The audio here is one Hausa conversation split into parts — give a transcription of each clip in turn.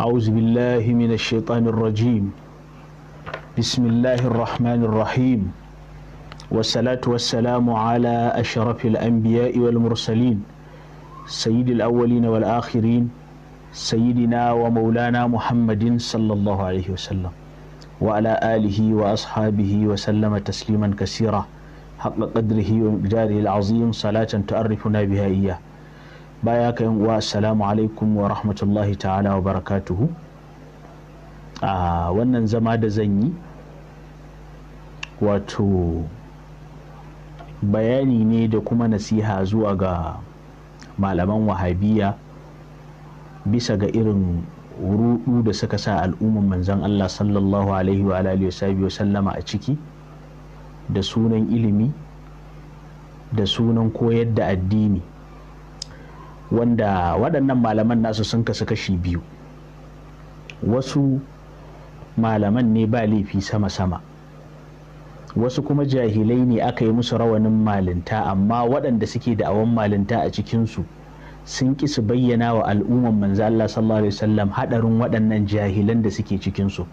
أعوذ بالله من الشيطان الرجيم بسم الله الرحمن الرحيم والصلاة والسلام على أشرف الأنبياء والمرسلين سيد الأولين والآخرين سيدنا ومولانا محمد صلى الله عليه وسلم وعلى آله وأصحابه وسلم تسليما كثيرا haƙa ƙadrihi wa miqdarihi azim salatan tu'arrifuna biha iyya baya ka yan uwa assalamu alaikum wa rahmatullahi ta'ala wa barakatuhu a wannan zama da zan yi wato bayani ne da kuma nasiha zuwa ga malaman wahabiya bisa ga irin rudu da suka sa al'ummar manzon Allah sallallahu alaihi wa wa sallama a ciki da sunan ilimi da sunan koyar da addini wanda waɗannan malaman nasu sun kasu kashi biyu wasu malaman ne ba laifi sama-sama wasu kuma jahilai ne aka yi musu rawanin malinta amma waɗanda suke da awon malinta a cikinsu sun ƙi su bayyana wa al'umman manzo Allah sallallahu alaihi wasallam haɗarin waɗannan jahilan da suke cikinsu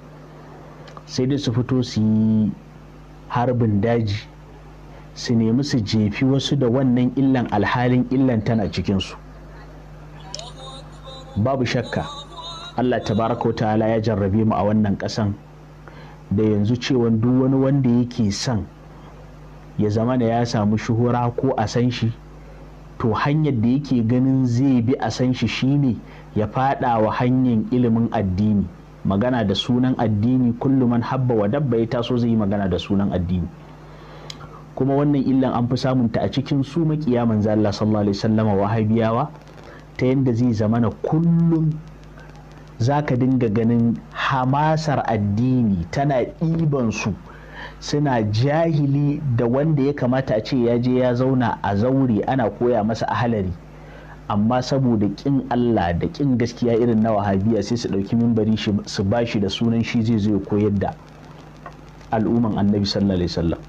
sai dai su fito su yi harbin daji su nemi su jefi wasu da wannan illan alhalin illan tana cikinsu babu shakka allah tabaraka wa ta'ala ya jarrabe mu a wannan kasan da yanzu cewan duk wani wanda yake son ya zama da ya samu shuhura ko a san shi to hanyar da yake ganin zai bi a san shi shine ya fada wa hanyar ilimin addini magana da sunan addini kullum man habba wa dabba ya taso zai yi magana da sunan addini kuma wannan illan an fi samunta a cikin su makiya manzo Allah sallallahu alaihi wasallama wahabiyawa ta yanda zai zamana kullum za ka dinga ganin hamasar addini tana ɗiban su suna jahili da wanda ya kamata a ce ya je ya zauna a zaure ana koya masa ahalari amma saboda kin Allah da kin gaskiya irin na wahabiya sai su ɗauki mimbari su ba shi da sunan shi zai zo koyar da al'umman annabi sallallahu alaihi wasallam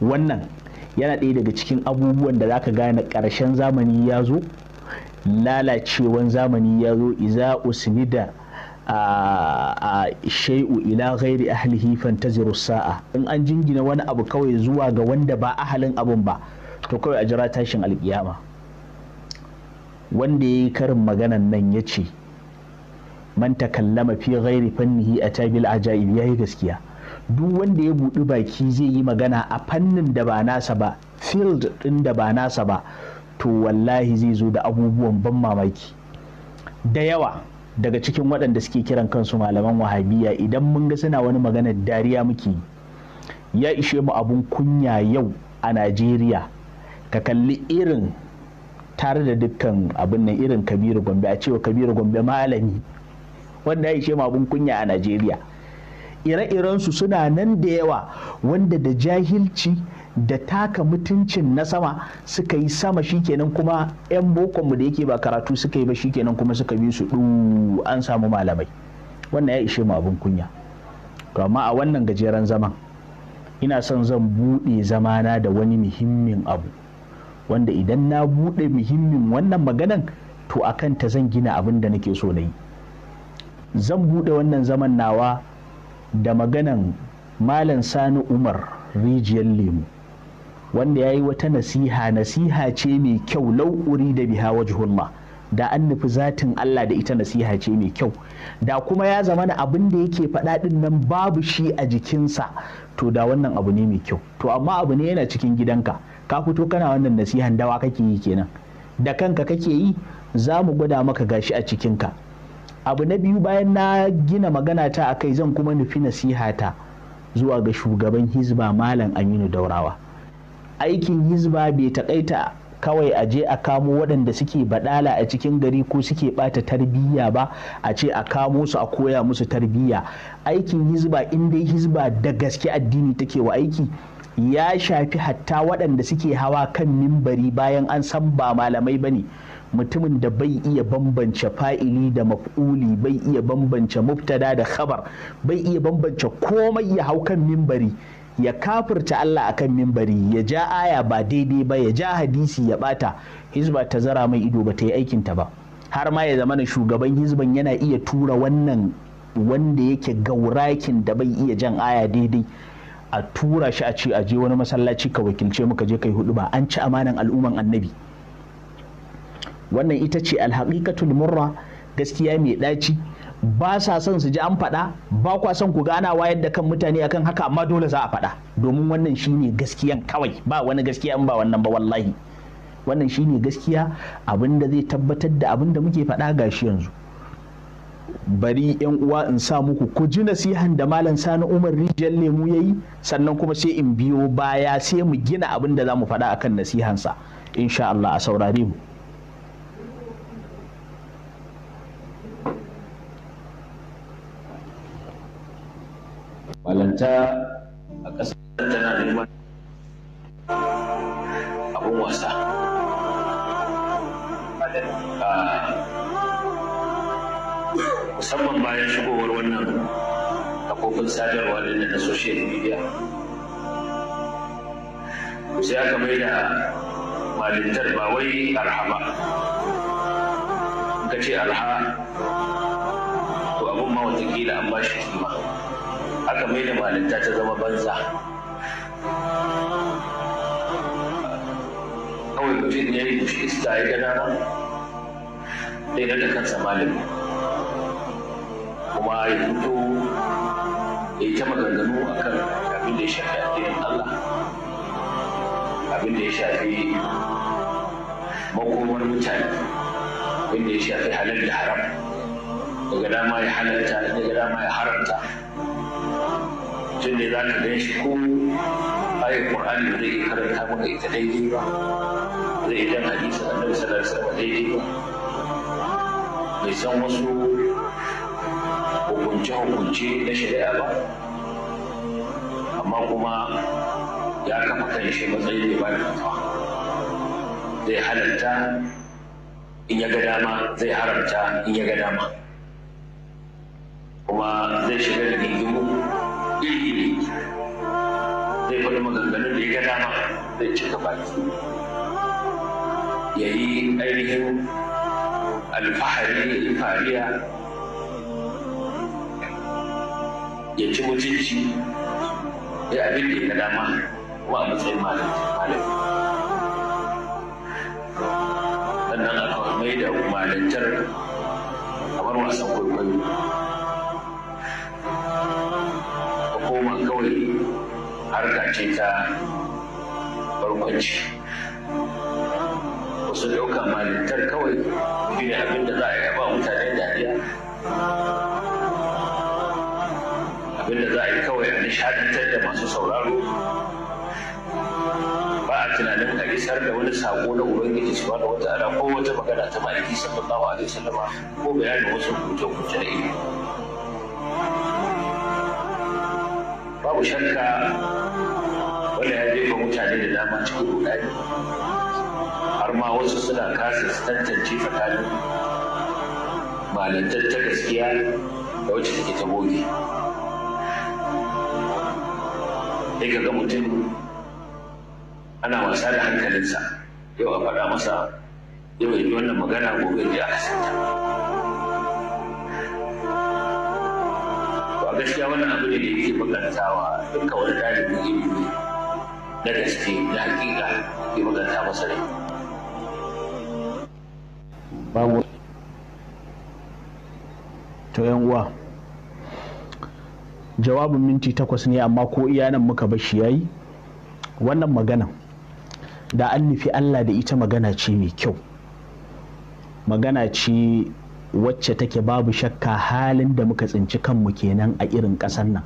wannan yana ɗaya daga cikin abubuwan da zaka gane ƙarshen zamani ya zo lalacewan zamani ya zo iza usnida a shai'u ila ghairi ahlihi fantaziru sa'a in an jingina wani abu kawai zuwa ga wanda ba ahalin abun ba to kawai a jira tashin alkiyama wanda ya yi karin maganan nan ya ce man takallama fi ghairi fannihi a tabil ajaib ya yi gaskiya duk wanda ya buɗi baki zai yi magana a fannin da ba nasa ba field ɗin da ba nasa ba to wallahi zai zo da abubuwan ban mamaki da yawa daga cikin waɗanda suke kiran kansu malaman wahabiya idan mun ga suna wani maganar dariya muke ya ishe mu abun kunya yau a najeriya ka kalli irin tare da dukkan abin nan irin kabiru gombe a cewa kabiru gombe malami wanda ya ishe abin kunya a najeriya ire iren su suna nan da yawa wanda da jahilci da taka mutuncin na sama suka yi sama shikenan kuma 'yan bokonmu da yake ba karatu suka yi ba shikenan kuma suka bi su du an samu malamai wannan ya ishe mu abin kunya to amma a wannan gajeren zaman ina son zan buɗe zamana da wani muhimmin abu wanda idan na buɗe muhimmin wannan maganan to a kanta zan gina abin da nake so na yi zan buɗe wannan zaman nawa da maganan malam sani umar rijiyar lemu wanda ya yi wata nasiha nasiha ce mai kyau lau'uri da biha wajhullah da an nufi zatin Allah da ita nasiha ce mai kyau da kuma ya zama na abin da yake faɗa ɗin nan babu shi a jikinsa to da wannan abu ne mai kyau to amma abu ne yana cikin gidanka ka fito kana wannan nasihan dawa kake yi kenan da kanka kake yi za mu gwada maka gashi a cikinka abu na biyu bayan na gina magana ta a kai zan kuma nufi nasihata zuwa ga shugaban hizba malam aminu daurawa aikin hizba bai takaita kawai a je a kamo waɗanda suke baɗala a cikin gari ko suke ɓata tarbiyya ba a ce a kamo su a koya musu tarbiyya aikin hizba inda hizba da gaske addini take wa aiki ya shafi hatta waɗanda suke hawa kan mimbari bayan an san ba malamai ba ne mutumin da bai iya bambance fa'ili da maf'uli bai iya bambance muftada da khabar bai iya bambance komai ya hau kan mimbari ya kafirta Allah a kan mimbari ya ja aya ba daidai ba ya ja hadisi ya bata hizba ta zara mai ido ba ta yi aikinta ba har ma ya zama na shugaban hizban yana iya tura wannan wanda yake gaurakin da bai iya jan aya daidai a tura shi a ce a je wani masallaci ka wakilce mu ka je kai hudu ba an ci amanan al'umman annabi wannan ita ce alhaqiqatul murra gaskiya mai ɗaci ba sa son su ji an faɗa ba kwa son ku gana wayar da kan mutane akan haka amma dole za a faɗa domin wannan shine gaskiyan kawai ba wani gaskiya ba wannan ba wallahi wannan shine gaskiya abinda zai tabbatar da abinda muke faɗa gashi yanzu bari yan uwa in sa muku ku ji nasihan da malam sani umar rijiyar lemu ya yi sannan kuma sai in biyo baya sai mu gina abin da za mu faɗa akan nasihansa insha Allah a saurare mu malanta a ƙasar tana neman abin wasa ah, musamman bayan shigowar wannan kafofin sadarwa da na social media sai aka mai da malintar ba wai arha ba ka ce arha to abin ma watakila an ba shi kima aka mai da malinta ta zama banza kawai mutum ya yi shi ista ya gada ba ɗaya da kansa malin kuma ya fito ya ta maganganu a kan abin da ya shafi addinin Allah abin da ya shafi makomar mutane abin da ya shafi halal da haram daga dama ya halarta daga dama ya haramta tun ne za ka gan shi ko ayin Qur'ani da zai karanta maka ita daidai ba zai jan hadisa hadisi annabi sallallahu alaihi ba daidai ba bai san wasu hukunce-hukunce na shari'a ba amma kuma ya kafa kan shi matsayin ne ba da fatawa zai halatta in ya ga dama zai haramta in ya ga dama kuma zai shiga da gingimu iri zai faɗi maganganun da ya ga dama zai cika baki ya yi ainihin alfahari fariya ya ci mutunci ya abin da ya dama kuma a matsayin malam sannan a mai da malantar bar wasan kwaikwayo a koma kawai harka ce ta barkwanci wasu ɗauka malantar kawai shi abin da za a yi masu sauraro ba a tunanin a isar da wani sako na ubangiji su da wata ala ko wata magana ta maliki sallallahu alaihi wasallama ko bayanin wasu kuce-kuce da ilimi babu shakka wanda ya jefa mutane da dama cikin rudani har ma wasu suna kasa tantance tsakanin malantar ta gaskiya da wacce take ta goge. sai ka ga mutum ana wasa da hankalinsa yau a faɗa masa yau ya ji wannan magana gobe ji a hasanta to gaskiya wannan abu ne da yake bukantawa duka wani ɗalibin ilimi na gaske na hakika ke bukanta masa rai babu to yan uwa jawabin minti takwas ne amma ko iya nan muka bashi yi. wannan magana da an nufi Allah da ita magana ce mai kyau magana ce wacce take babu shakka halin da muka tsinci kanmu kenan a irin ƙasan nan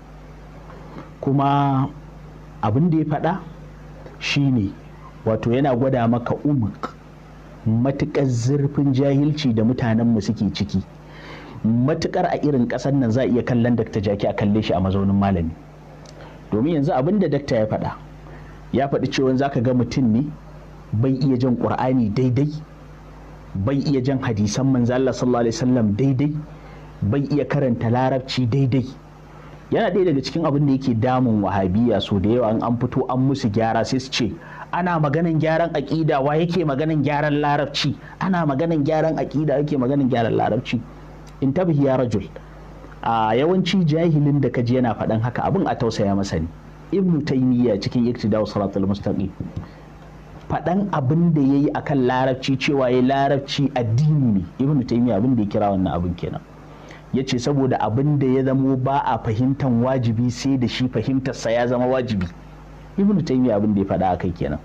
kuma abin da ya faɗa shine wato yana gwada maka umar matuƙar zurfin jahilci da mutanenmu suke ciki matukar a irin ƙasar nan za a iya kallon dakta jaki a kalle shi a mazaunin malami domin yanzu abin da dakta ya faɗa ya faɗi cewa za ka ga mutum ne bai iya jan ƙur'ani daidai bai iya jan hadisan manzo Allah sallallahu alaihi wasallam daidai bai iya karanta larabci daidai yana ɗaya daga cikin abin da yake damun wahabiya so da yawa an fito an musu gyara sai su ce ana maganan gyaran aƙida wa yake maganan gyaran larabci ana maganan gyaran aƙida yake maganan gyaran larabci in tabihi ya rajul a yawanci jahilin da kaji yana faɗan haka abin a tausaya masa ne ibnu taymiya cikin iktidau salatul mustaqim faɗan abin da yayi akan larabci cewa ya larabci addini ne ibnu taymiya abin da ya kira wannan abin kenan ya ce saboda abin da ya zamo ba a fahimtan wajibi sai da shi fahimtarsa ya zama wajibi ibn taymiya abin da ya faɗa akai kenan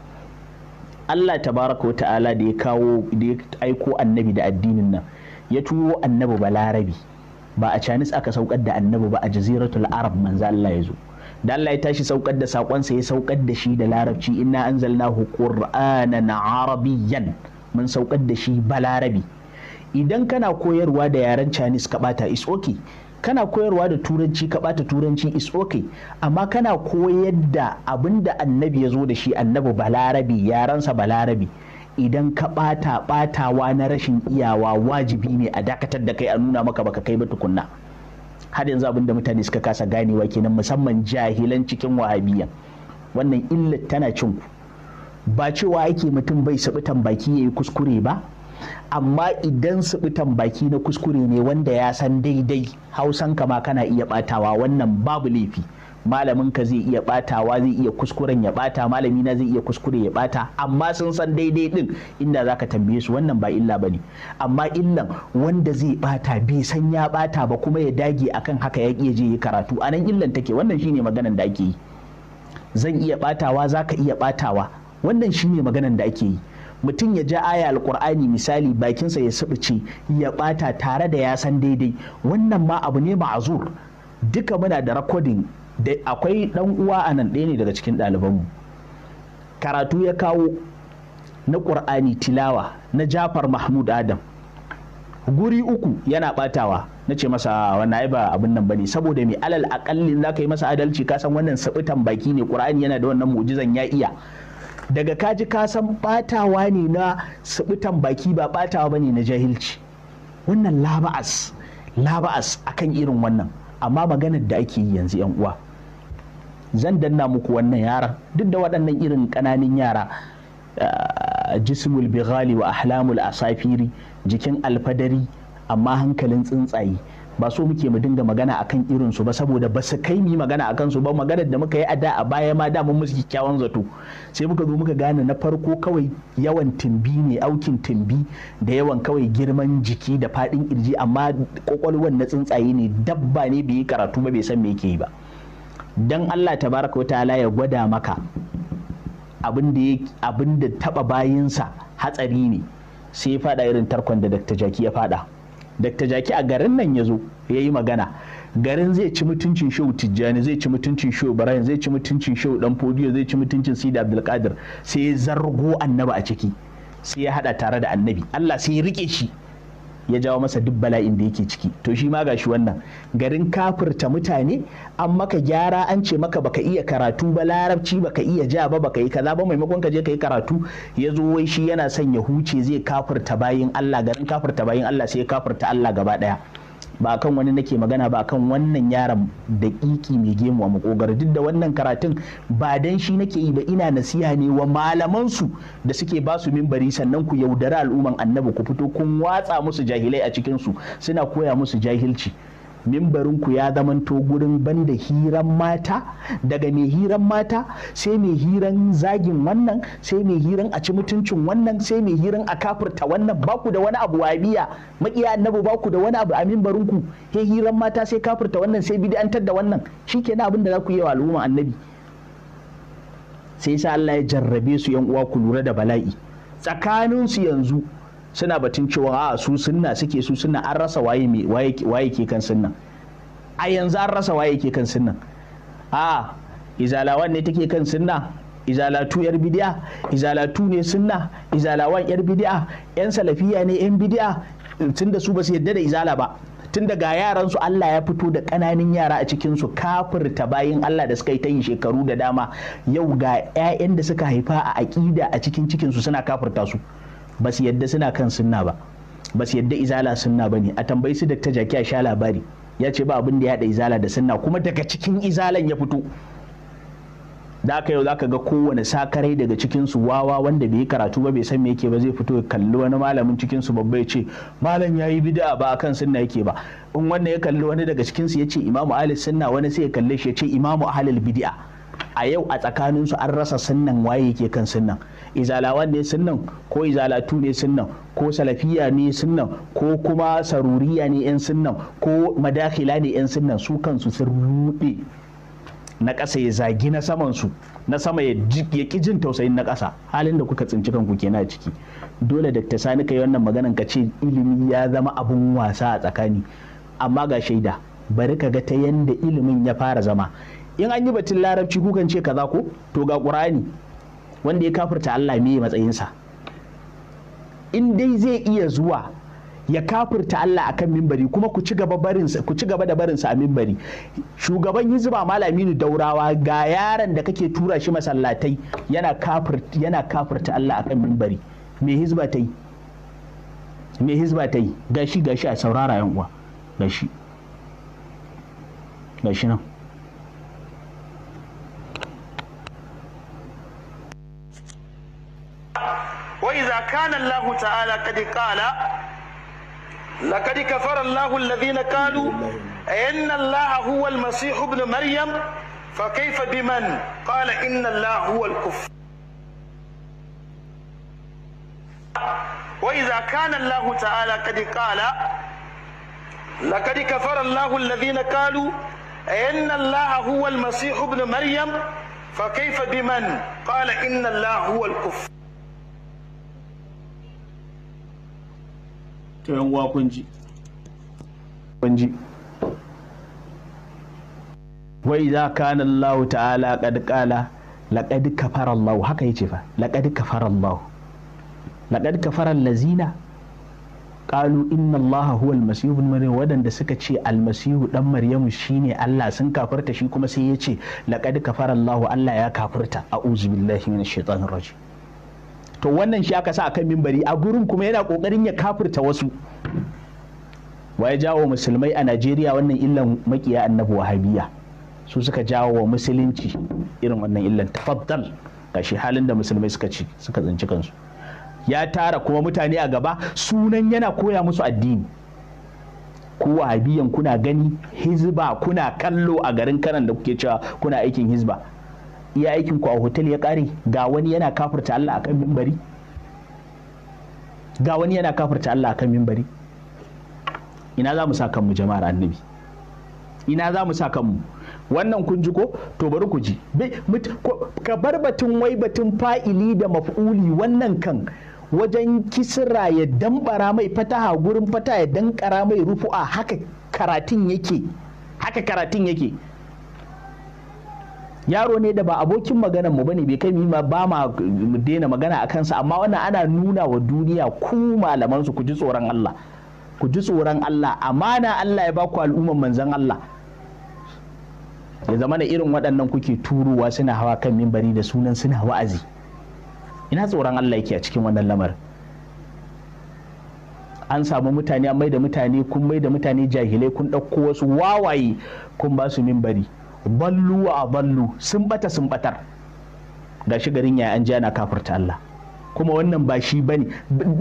Allah tabaraka ta'ala da ya kawo da ya aiko annabi da addinin nan ya tuwo annabi balarabi ba a canis aka saukar da annabi ba a jaziratul arab manzo Allah ya zo da Allah ya tashi saukar da sakonsa ya saukar da shi da larabci inna anzalnahu qur'anan arabiyyan mun saukar da shi balarabi idan kana koyarwa da yaren canis ka bata is okay kana koyarwa da turanci ka bata turanci is okay amma kana koyar da abinda annabi ya zo da shi annabi balarabi yarensa balarabi idan ka ɓata ɓatawa na rashin iyawa wajibi ne a dakatar da kai a nuna maka baka kai ba tukunna har yanzu abinda mutane suka kasa ganewa kenan musamman jahilan cikin wahabiyan wannan illar tana cin ku ba cewa ake mutum bai subutan baki yayi kuskure ba amma idan subutan baki na kuskure ne wanda ya san daidai hausan ma kana iya ɓatawa wannan babu laifi malamin ka zai iya batawa zai iya kuskuren ya bata malami na zai iya kuskure ya bata amma sun san daidai din inda zaka tambaye su wannan ba illa bane amma illan wanda zai bata bai san ya bata ba kuma ya dage akan haka ya je ya karatu anan illan take wannan shine maganan da ake yi zan iya batawa zaka iya batawa wannan shine maganan da ake yi mutum ya ja aya alkur'ani misali bakinsa ya ce ya bata tare da ya san daidai wannan ma abu ne ma'azur duka muna da rakodin da akwai dan uwa a nan ɗaya ne daga cikin ɗalibanmu karatu ya kawo na ƙur'ani tilawa na jafar mahmud adam guri uku yana batawa na ce masa wannan ai ba abin nan bane saboda mai alal akalli za ka yi masa adalci kasan wannan sabitan baki ne ƙur'ani yana da wannan mu'jizan ya iya daga kaji kasan san batawa ne na sabitan baki ba batawa bane na jahilci wannan laba'as laba'as akan irin wannan amma maganar da ake yi yanzu yan uwa zan danna muku wannan yaran duk da waɗannan irin ƙananin yara ah, jismul bighali wa ahlamul asafiri jikin alfadari amma hankalin tsuntsaye ba so muke mu dinga magana akan irin su ba saboda ba su kai mi magana akan su ba maganar da muka yi a da a baya ma da mun musu kyakkyawan zato sai muka zo muka gane na farko kawai yawan timbi ne aukin timbi da yawan kawai girman jiki da fadin kirji amma kokolwan na tsuntsaye ne dabba ne bai yi karatu ba bai san me yake yi ba don Allah tabaraka wa ta'ala ya gwada maka abin da taba bayinsa hatsari ne sai ya fada irin tarkon da Dr. Jaki ya fada Dr. Jaki a garin nan ya zo ya yi magana garin zai ci mutuncin shehu tijjani zai ci mutuncin shehu Ibrahim zai ci mutuncin shehu dan fodiyo zai ci mutuncin sida abdulkadir sai ya zargo annaba a ciki sai ya hada tare da annabi Allah sai ya rike shi ya jawo masa duk bala'in da yake ciki to shi ma gashi wannan garin kafirta mutane an maka gyara an ce maka baka iya karatu ba larabci baka iya ja ba baka yi kaza ba maimakon ka je ka yi karatu ya zo wai shi yana son ya huce zai kafirta bayin Allah garin kafirta bayin Allah sai ya kafirta Allah gaba daya ba kan wani nake magana ba kan wannan yaron da ƙiƙi mai gemu a makogar duk da wannan karatun ba dan shi nake yi ba ina nasiha ne wa malamansu da suke ba su mimbari sannan ku yaudara al'umman annabi ku fito kun watsa musu jahilai a cikinsu suna koya musu jahilci mimbarinku ya zamanto gurin banda hiran mata daga mai hiran mata sai mai hiran zagin wannan sai mai hiran a ci mutuncin wannan sai mai hiran a kafurta wannan baku da wani abu wabiya makiya annabu baku da wani abu a mimbarinku he hiran mata sai kafurta wannan sai bid'antar da wannan shikenan abin da za ku yi wa al'umma annabi sai sa Allah ya jarrabe su yan uwa ku lura da bala'i tsakaninsu yanzu suna batun cewa a su sunna suke su sunna an rasa waye waye ke kan sunnan a yanzu an rasa waye ke kan sunnan a izalawan ne take kan sunna izalatu yar bidi'a izalatu ne sunna izalawan yar bidi'a yan salafiya ne yan bidi'a tunda su ba su yadda da izala ba tun daga yaran su Allah ya fito da kananan yara a cikin su kafir ta bayin Allah da suka yi ta yin shekaru da dama yau ga 'ya'yan da suka haifa a aƙida a cikin cikin su suna kafirta su ba su yadda suna kan sunna ba ba su yadda izala sunna ba ne a tambayi su da jaki a sha labari ya ce ba abin da ya haɗa izala da sunna kuma daga cikin izalan ya fito da aka yau za ka ga kowane sakarai daga cikinsu wawa wanda bai yi karatu ba bai san me yake ba zai fito ya kalli wani malamin cikinsu babba ya ce malam ya yi bid'a ba a kan sunna yake ba in wannan ya kalli wani daga cikinsu ya ce imamu ahalil sunna wani sai ya kalle shi ya ce imamu ahalil bid'a a yau a tsakaninsu an rasa sunnan waye ke kan sunnan izalawan ne sunnan ko izalatu ne sunnan ko salafiya ne sunnan ko kuma saruriya ne yan sunnan ko madakila ne yan sunnan su kansu sun rude na ƙasa ya zagi na saman na sama ya ƙi jin tausayin na ƙasa halin da kuka tsinci kanku kenan a ciki dole da ta sani kai wannan maganan ka ce ilimi ya zama abun wasa a tsakani amma ga shaida bari ka ga ta yanda ilimin ya fara zama in an yi batun larabci kukan ce kaza ko to ga ƙurani wanda ya kafirta Allah me matsayinsa in dai zai iya zuwa ya kafirta Allah akan mimbari kuma ku ci gaba barinsa ku ci da barinsa a mimbari shugaban hizba malami daurawa ga yaran da kake tura shi masallatai yana kafirta yana kafirta Allah akan mimbari me hizba ta yi ta yi gashi gashi a saurara yan uwa gashi gashi nan كان الله تعالى قد قال لقد كفر الله الذين قالوا إن الله هو المسيح ابن مريم فكيف بمن قال إن الله هو الكفر وإذا كان الله تعالى قد قال لقد كفر الله الذين قالوا إن الله هو المسيح ابن مريم فكيف بمن قال إن الله هو الكفر ta yan uwa kun ji kun ji wa idza kana Allah ta'ala qad qala laqad kafara Allah haka yace fa laqad kafara Allah laqad kafara allazina qalu inna Allah huwa al-masih ibn maryam wadanda suka ce al-masih dan shi shine Allah sun kafarta shi kuma sai yace laqad kafara Allah Allah ya kafarta a'udhu billahi minash shaitanir rajim to wannan shi aka sa akan mimbari a gurin kuma yana kokarin ya kafirta wasu wa ya jawo musulmai a najeriya wannan illan makiya annabi wahabiya su suka jawo wa musulunci irin wannan illan tafaddal gashi halin da musulmai suka ci suka tsinci kansu ya tara kuma mutane a gaba sunan yana koya musu addini ku wahabiyan kuna gani hizba kuna kallo a garin kanan da kuke cewa kuna aikin hizba iya aikin ku a hotel ya kare ga wani yana kafirta Allah akan mimbari ga wani yana kafirta Allah kan mimbari ina za mu sa kanmu jama'ar annabi ina za mu sa kanmu wannan kun ji ko to bari ku ji ka bar batun wai batun fa'ili da maf'uli wannan kan wajen kisra ya dambara mai fataha gurin fata ya dankara mai rufu'a haka karatun yake haka karatun yake yaro ne da ba abokin maganar mu bane bai kai mu ba ma daina magana a kansa amma wannan ana nuna wa duniya ku malaman su ku ji tsoron Allah ku ji tsoron Allah amana Allah ya ba ku al'umman manzon Allah ya zama na irin waɗannan kuke turuwa suna hawa kan mimbari da sunan suna wa'azi ina tsoron Allah yake a cikin wannan lamar an samu mutane an mai da mutane kun mai da mutane jahilai kun ɗauko wasu wawaye kun ba su mimbari ballu wa ballu sun bata sun batar Ga shi garin ya an ji ana kafirta Allah kuma wannan ba shi ba ne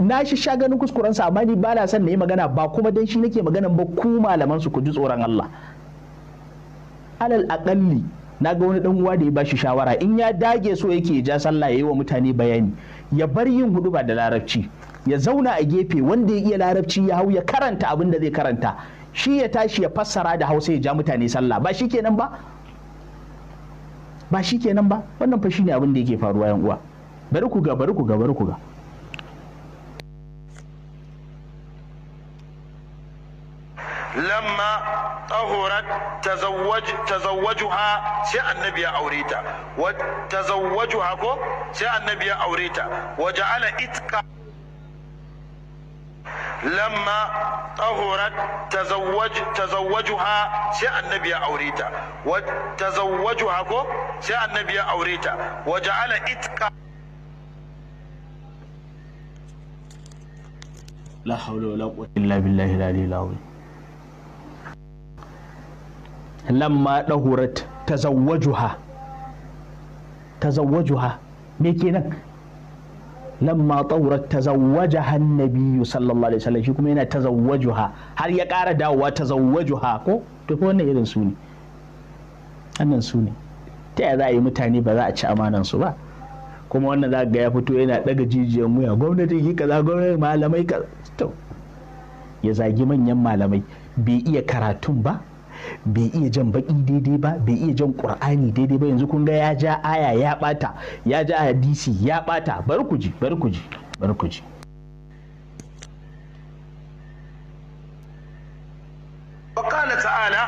na shi sha ganin sa amma ni ba na son na yi magana ba kuma dan shi nake magana ba ku malaman su ku ji tsoron Allah alal aqalli na ga wani dan uwa da ya ba shi shawara in ya dage so yake ja sallah ya yi wa mutane bayani ya bar yin hudu ba da larabci ya zauna a gefe wanda ya iya larabci ya hau ya karanta abin da zai karanta shi ya tashi ya fassara da hausa ya ja mutane sallah ba shi kenan ba ba shi kenan ba wannan fa ne abin da yake faruwa yan uwa bari ku ga bari ku ga bari ku ga lamma tahurat tazawwaj tazawwajuha sai annabi ya aure ta wa tazawwajuha ko sai annabi ya aure ta wa ja'ala itqa lamma tahurat tazawwajuha sai annabi ya aure ta tazawwajuha ko sai annabi ya aure ta waje ja'ala itqa la hawla wala quwwata illa billahi al-aliyyil lamma dahurat tazawwajuha tazawwajuha me kenan lamma tsaurar tazawwajaha annabiyyu sallallahu alaihi wasallam shi kuma yana tazawwajuha har ya ƙara dawowa tazawwajuha ko to ko wannan irin su ne annan su ne ta yaya za a yi mutane ba za a ci amanan su ba kuma wannan za ga ya fito yana daga jijiyar muya gwamnati ki kaza gwamnati malamai kaza to ya zagi manyan malamai bai iya karatun ba bai iya jan baƙi daidai ba bai iya jan ƙur'ani daidai ba yanzu kun ga ya ja aya ya bata ya ja hadisi ya ɓata. bar ku ji bar ku ji bar ku ji وقال تعالى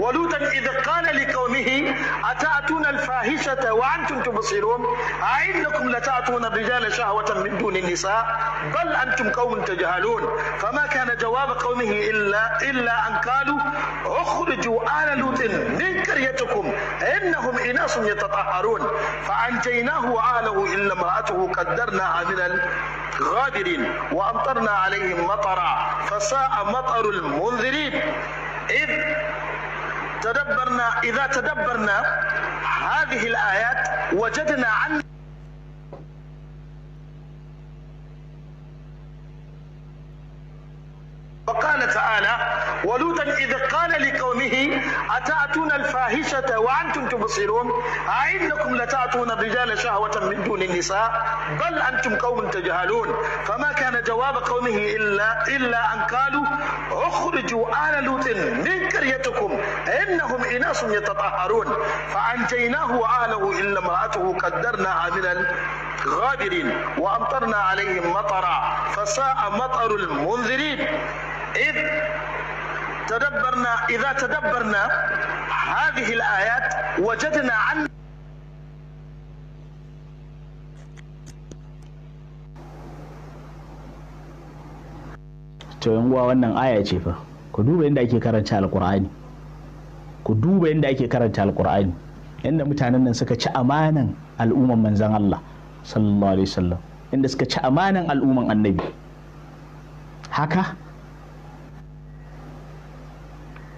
ولوطا إذ قال لقومه أتأتون الفاحشة وأنتم تبصرون اعنكم لتأتون الرجال شهوة من دون النساء بل أنتم قوم تجهلون فما كان جواب قومه إلا إلا أن قالوا اخرجوا آل لوط من قريتكم إنهم إناس يتطهرون فأنجيناه وأهله إلا امرأته قدرنا من غادرين وأمطرنا عليهم مطرا فساء مطر المنذرين إذ تدبرنا إذا تدبرنا هذه الآيات وجدنا عن وقال تعالى ولوطا إذ قال لقومه أتأتون الفاحشة وأنتم تبصرون اعنكم لتأتون الرجال شهوة من دون النساء بل أنتم قوم تجهلون فما كان جواب قومه إلا إلا أن قالوا اخرجوا آل لوط من قريتكم إنهم إناس يتطهرون فأنجيناه وأهله إلا امرأته قدرناها من الغابرين وأمطرنا عليهم مطرا فساء مطر المنذرين إذ تدبرنا إذا تدبرنا هذه الآيات وجدنا عن to yanguwa wannan aya ce fa ku duba yadda ake karanta alkur'ani ku duba yadda ake karanta alkur'ani yadda mutanen nan suka ci amanan al'umman manzan Allah sallallahu alaihi wasallam inda suka ci amanan al'umman annabi haka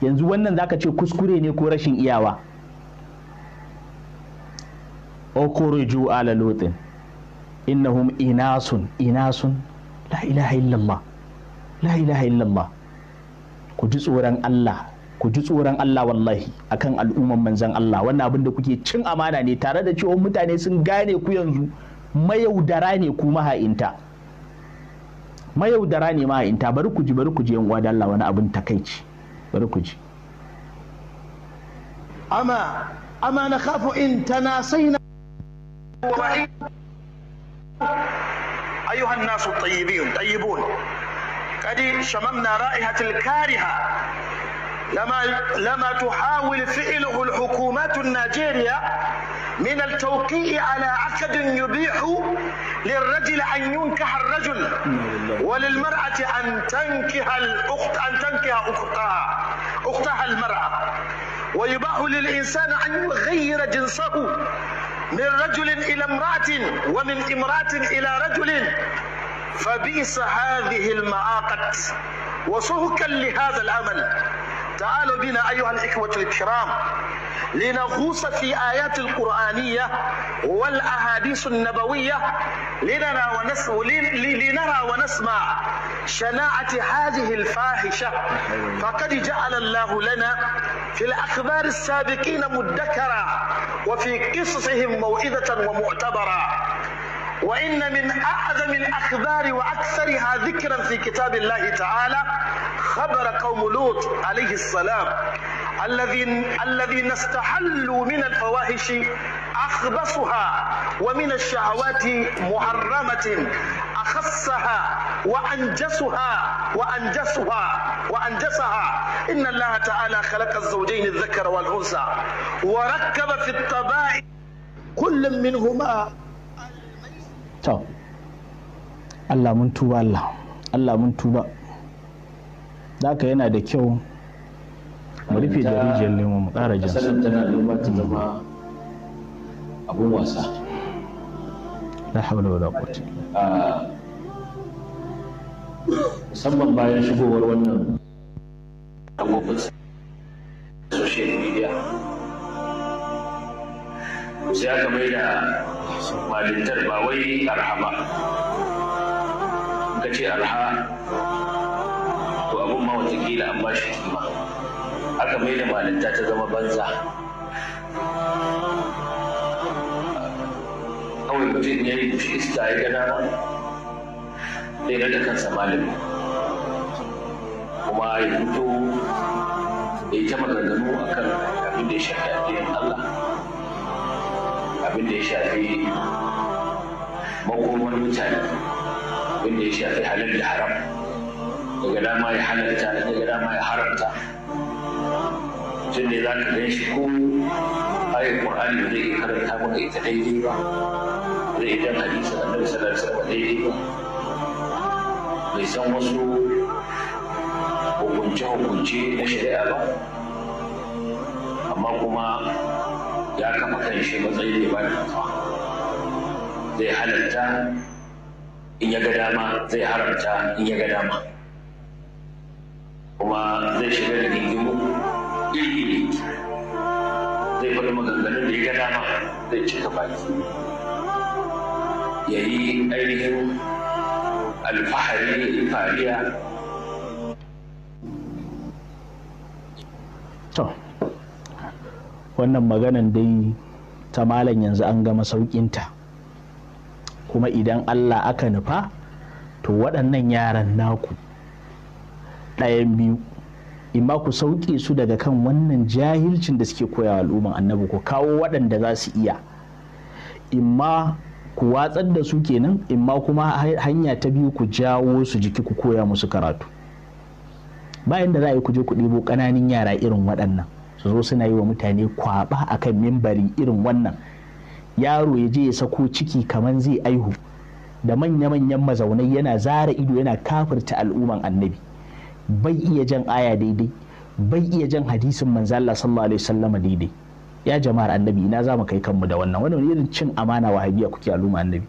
yanzu wannan zaka ce kuskure ne ko rashin iyawa ukhruju ala lutin innahum inasun inasun la ilaha illallah la ilaha illallah ku ji tsoron Allah ku ji tsoron Allah wallahi akan al'umman manzan Allah wannan abin da kuke cin amana ne tare da cewa mutane sun gane ku yanzu mayaudara ne ku maha'inta mayaudara ne maha'inta bari ku ji bari ku ji yan Allah wani abin takaici bari أما أما نخاف إن تناسينا أيها الناس الطيبين طيبون قد شممنا رائحة الكارهة لما لما تحاول فعله الحكومات الناجيرية من التوقيع على عقد يبيح للرجل أن ينكح الرجل وللمرأة أن تنكح الأخت أن تنكح أختها أختها المرأة ويباح للإنسان أن يغير جنسه من رجل إلى امرأة ومن امرأة إلى رجل فبئس هذه المعاقد وسهكا لهذا العمل تعالوا بنا أيها الإخوة الكرام لنغوص في آيات القرآنية والأحاديث النبوية لنرى ونسمع لنرى ونسمع شناعة هذه الفاحشة فقد جعل الله لنا في الأخبار السابقين مدكرا وفي قصصهم موعظة ومعتبرا وإن من أعظم الأخبار وأكثرها ذكرا في كتاب الله تعالى خبر قوم لوط عليه السلام الذين الذين استحلوا من الفواحش أخبصها ومن الشهوات محرمة أخصها وأنجسها وأنجسها وأنجسها إن الله تعالى خلق الزوجين الذكر والأنثى وركب في الطبائع كل منهما to Allah mun tuba Allah Allah mun tuba da haka yana da kyau mu rufe da rijiyar lemo mu ƙara jinsu su tana duba ta zama abun wasa la hawla wala quwwata musamman bayan shigowar wannan abubuwan social media sai aka mai da malintar ba wai arha ba ka ce arha to abin ma watakila an ba shi kima aka mai da malinta ta zama banza kawai mutum ya yi kushi iska ya gana zai da kansa malami kuma ya fito ya yi ta maganganu akan abin da ya shafi a abin da ya shafi makomar mutane abin da ya shafi halal da haram daga dama ya halarta daga dama ya haramta tun ne za ka gan shi ko ayar ƙwar'ani da zai karanta maka ita daidai ba zai idan hadisa da nan salar sarwa daidai ba bai san wasu hukunce-hukunce na shari'a ba amma kuma ya kama kan shi matsayin ba da fatawa zai halatta in ya ga dama zai haramta in ya ga dama kuma zai shiga da gingimu iri zai faɗi maganganun da ya ga dama zai cika baki ya yi ainihin alfahari fariya to wannan maganan dai ta malam yanzu an gama sauƙinta kuma idan allah aka nufa to waɗannan yaran naku ɗayan biyu imma ku sauƙe su daga kan wannan jahilcin da suke koyawa al'umman annabi ku kawo waɗanda za su iya in ma ku watsar da su kenan ma kuma hanya ta biyu ku jawo su jiki ku koya musu karatu bayan da za a yi ku je ku ɗebo ƙananan yara irin waɗannan su zo suna yi wa mutane kwaba akan mimbari irin wannan yaro ya je ya sako ciki kamar zai aihu da manya-manyan mazaunai yana zara ido yana kafirta al'umman annabi bai iya jan aya daidai bai iya jan hadisin manzo Allah sallallahu alaihi wasallam daidai ya jama'ar annabi ina za mu kai kanmu da wannan wannan irin cin amana wahabiya kuke al'umma annabi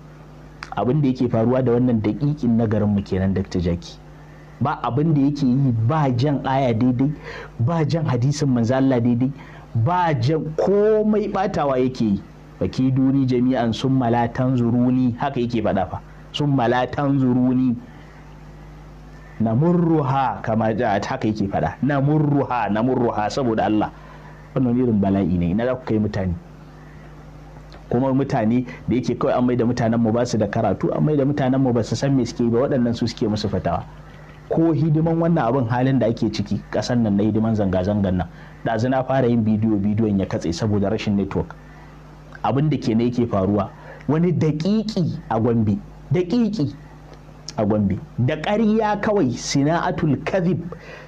abin da yake faruwa da wannan daƙiƙin na garinmu kenan Dr. Jaki ba abin da yake yi ba jan aya daidai ba jan hadisin manzo Allah daidai ba jan komai batawa yake yi fakiduni jami'an sun malatan zuruni haka yake faɗa fa sun malatan zuruni na murruha kama haka yake faɗa na murruha saboda Allah wannan irin bala'i ne na za ku kai mutane kuma mutane da yake kawai an mai da mutanen mu ba su da karatu an mai da mutanen mu ba su san me suke ba waɗannan su suke musu fatawa ko hidiman wannan abin halin da ake ciki kasan nan na hidiman zanga-zangan nan ɗazu na fara yin bidiyo bidiyon ya katse saboda rashin network abin da ke ne yake faruwa wani daƙiƙi a gombe daƙiƙi a gombe da ƙarya kawai sina'atul kadhib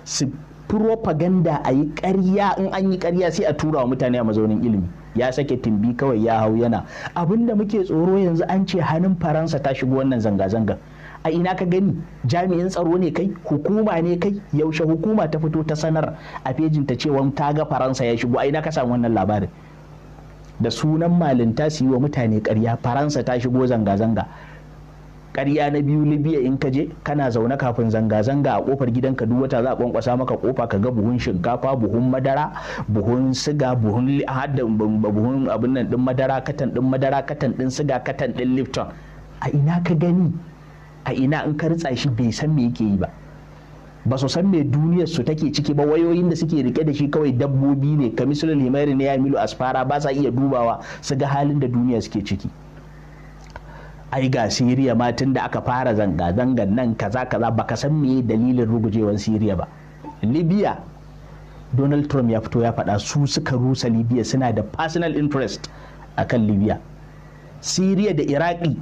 su propaganda a yi ƙarya in an yi ƙarya sai a tura wa mutane a mazaunin ilimi ya sake timbi kawai ya hau yana abin da muke tsoro yanzu an ce hannun faransa ta shigo wannan zanga-zangar a ina ka gani jami'in tsaro ne kai hukuma ne kai yaushe hukuma ta fito ta sanar a fejin ta cewa ta ga faransa ya shigo a ina ka samu wannan labarin da sunan malinta su yi wa mutane karya faransa ta shigo zanga-zanga karya na biyu libya in ka je kana zaune kafin zanga-zanga a kofar gidanka duk wata za a kwankwasa maka kofa ka ga buhun shinkafa buhun madara buhun siga buhun buhun abin nan din madara katan din madara katan din siga katan din lifton a ina ka gani a ina in ka ritsa shi bai san me yake yi ba ba su san me duniyar su take ciki ba wayoyin da suke rike da shi kawai dabbobi ne kamisul himairi ne ya milu asfara ba sa iya dubawa su ga halin da duniya suke ciki ai ga siriya ma tun da aka fara zanga zangan nan kaza kaza baka san me dalilin rugujewar siriya ba libya donald trump ya fito ya faɗa su suka rusa libya suna da personal interest akan libya siriya da iraki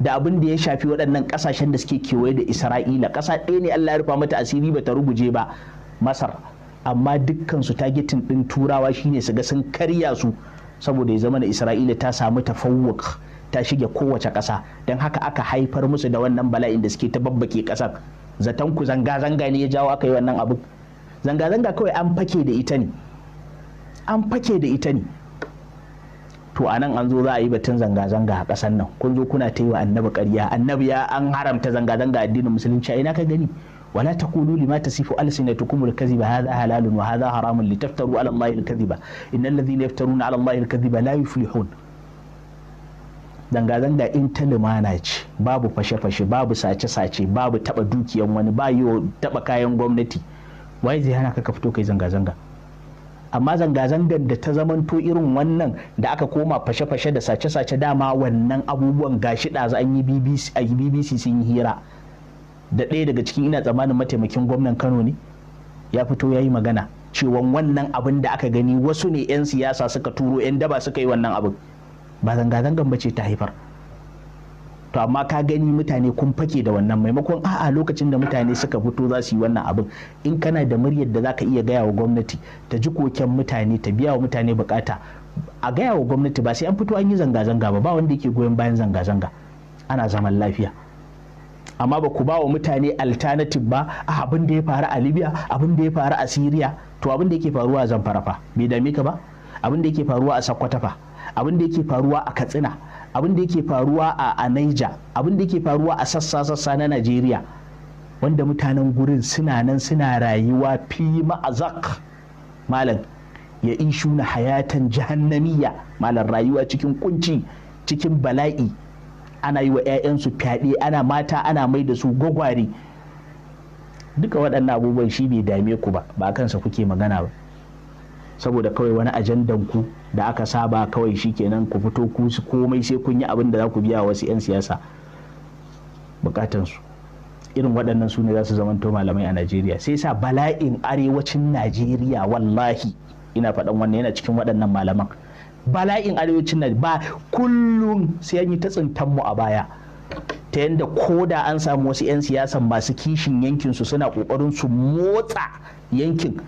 da abin da ya shafi waɗannan ƙasashen da suke kewaye da isra'ila ƙasa ɗaya ne allah ya rufa mata asiri ba ta ruguje ba masar amma dukkan su targetin ɗin turawa shine su ga sun karya su saboda ya zama na isra'ila ta samu tafawuk ta shige kowace ƙasa don haka aka haifar musu da wannan bala'in da suke ta babbake ƙasar zaton ku zanga-zanga ne ya jawo aka yi wannan abu zanga-zanga kawai an fake da ita ne an fake da ita ne to a nan an zo za a yi batun zanga-zanga a ƙasar nan kun zo kuna ta yi wa annabi ƙarya annabi ya an haramta zanga-zanga addinin musulunci ina ka gani wala taqulu lima tasifu alsinatukum alkaziba hadha halalun wa hadha haramun litaftaru ala allahi alkaziba innal ladhina yaftaruna ala allahi alkaziba la yuflihun zanga-zanga in ta lumana ce babu fashe-fashe babu sace-sace babu taba dukiyan wani ba yi taba kayan gwamnati wai zai hana ka fito kai zanga-zanga amma zanga-zangar da ta zamanto irin wannan da aka koma fashe-fashe da sace-sace dama wannan abubuwan gashi ɗazu an yi bbc sun yi hira da ɗaya daga cikin ina tsammanin mataimakin gwamnan kano ne ya fito ya yi magana cewa wannan abin da aka gani wasu ne 'yan siyasa suka turo 'yan daba suka yi wannan abin ba zanga zangar ba ce ta haifar to amma ka gani mutane kun fake da wannan maimakon a'a lokacin da mutane suka fito za su yi wannan abin in kana da muryar da zaka iya gaya wa gwamnati ta ji koken mutane ta biya wa mutane bukata a gaya wa gwamnati ba sai an fito an yi zanga-zanga ba ba wanda yake goyon bayan zanga-zanga ana zaman lafiya amma ba ku ba wa mutane alternative ba a abin da ya faru a libya abin da ya faru a syria to abin da yake faruwa a zamfara fa bai dame ka ba abin da yake faruwa a sakkwata fa abin da yake faruwa a katsina abin da yake faruwa a Anaija abin da yake faruwa a sassa-sassa na Najeriya wanda mutanen gurin suna nan suna rayuwa fi ma'azak malam ya ishu na hayatan jahannamiya malam rayuwa cikin kunci cikin bala'i ana yi wa 'ya'yansu fyaɗe ana mata ana mai da su gwagware duka waɗannan abubuwan shi bai dame ku ba ba kansa kuke magana ba saboda kawai wani ajandan ku da aka saba kawai shi shikenan ku fito ku komai sai kun yi abin da za ku biya wasu 'yan siyasa bukatansu irin waɗannan su ne za su to malamai a najeriya sai sa bala'in arewacin najeriya wallahi ina faɗan wannan yana cikin waɗannan malaman bala'in arewacin najeriya ba kullum sai an yi ta tsintan mu a baya ta yadda ko da an samu wasu 'yan siyasan masu kishin yankin su suna ƙoƙarin su motsa yankin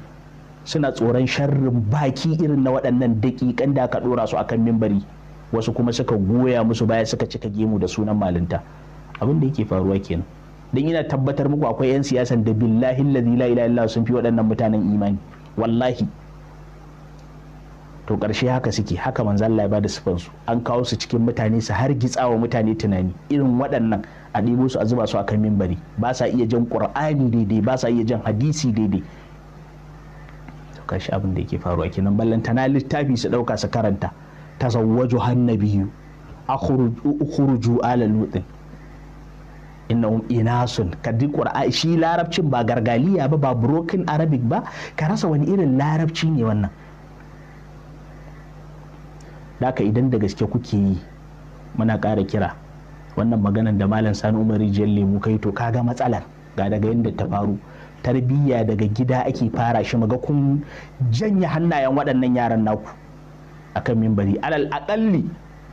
suna tsoron sharrin baki irin na waɗannan daƙiƙan da aka ɗora su akan mimbari wasu kuma suka goya musu baya suka cika gemu da sunan malinta abin da yake faruwa kenan don ina tabbatar muku akwai 'yan siyasan da billahi la ilaha illa sun fi waɗannan mutanen imani wallahi to ƙarshe haka suke haka manzo Allah ya bada su an kawo su cikin mutane su har wa mutane tunani irin waɗannan a ɗibo su a zuba su akan mimbari ba sa iya jan ƙur'ani daidai ba sa iya jan hadisi daidai ɗauka shi abin da yake faruwa kenan na littafi su ɗauka su karanta ta tazawwaju hannabiyu kuruju ala lutin ina inasun ka duk shi larabcin ba gargaliya ba ba broken arabic ba ka rasa wani irin larabci ne wannan daka idan da gaske kuke yi muna ƙara kira wannan maganan da malam sani umari jelle lemu kai to kaga matsalar ga daga yadda ta faru tarbiyya daga gida ake fara shi maga kun janye hannayen waɗannan yaran naku a kan mimbari alal aƙalli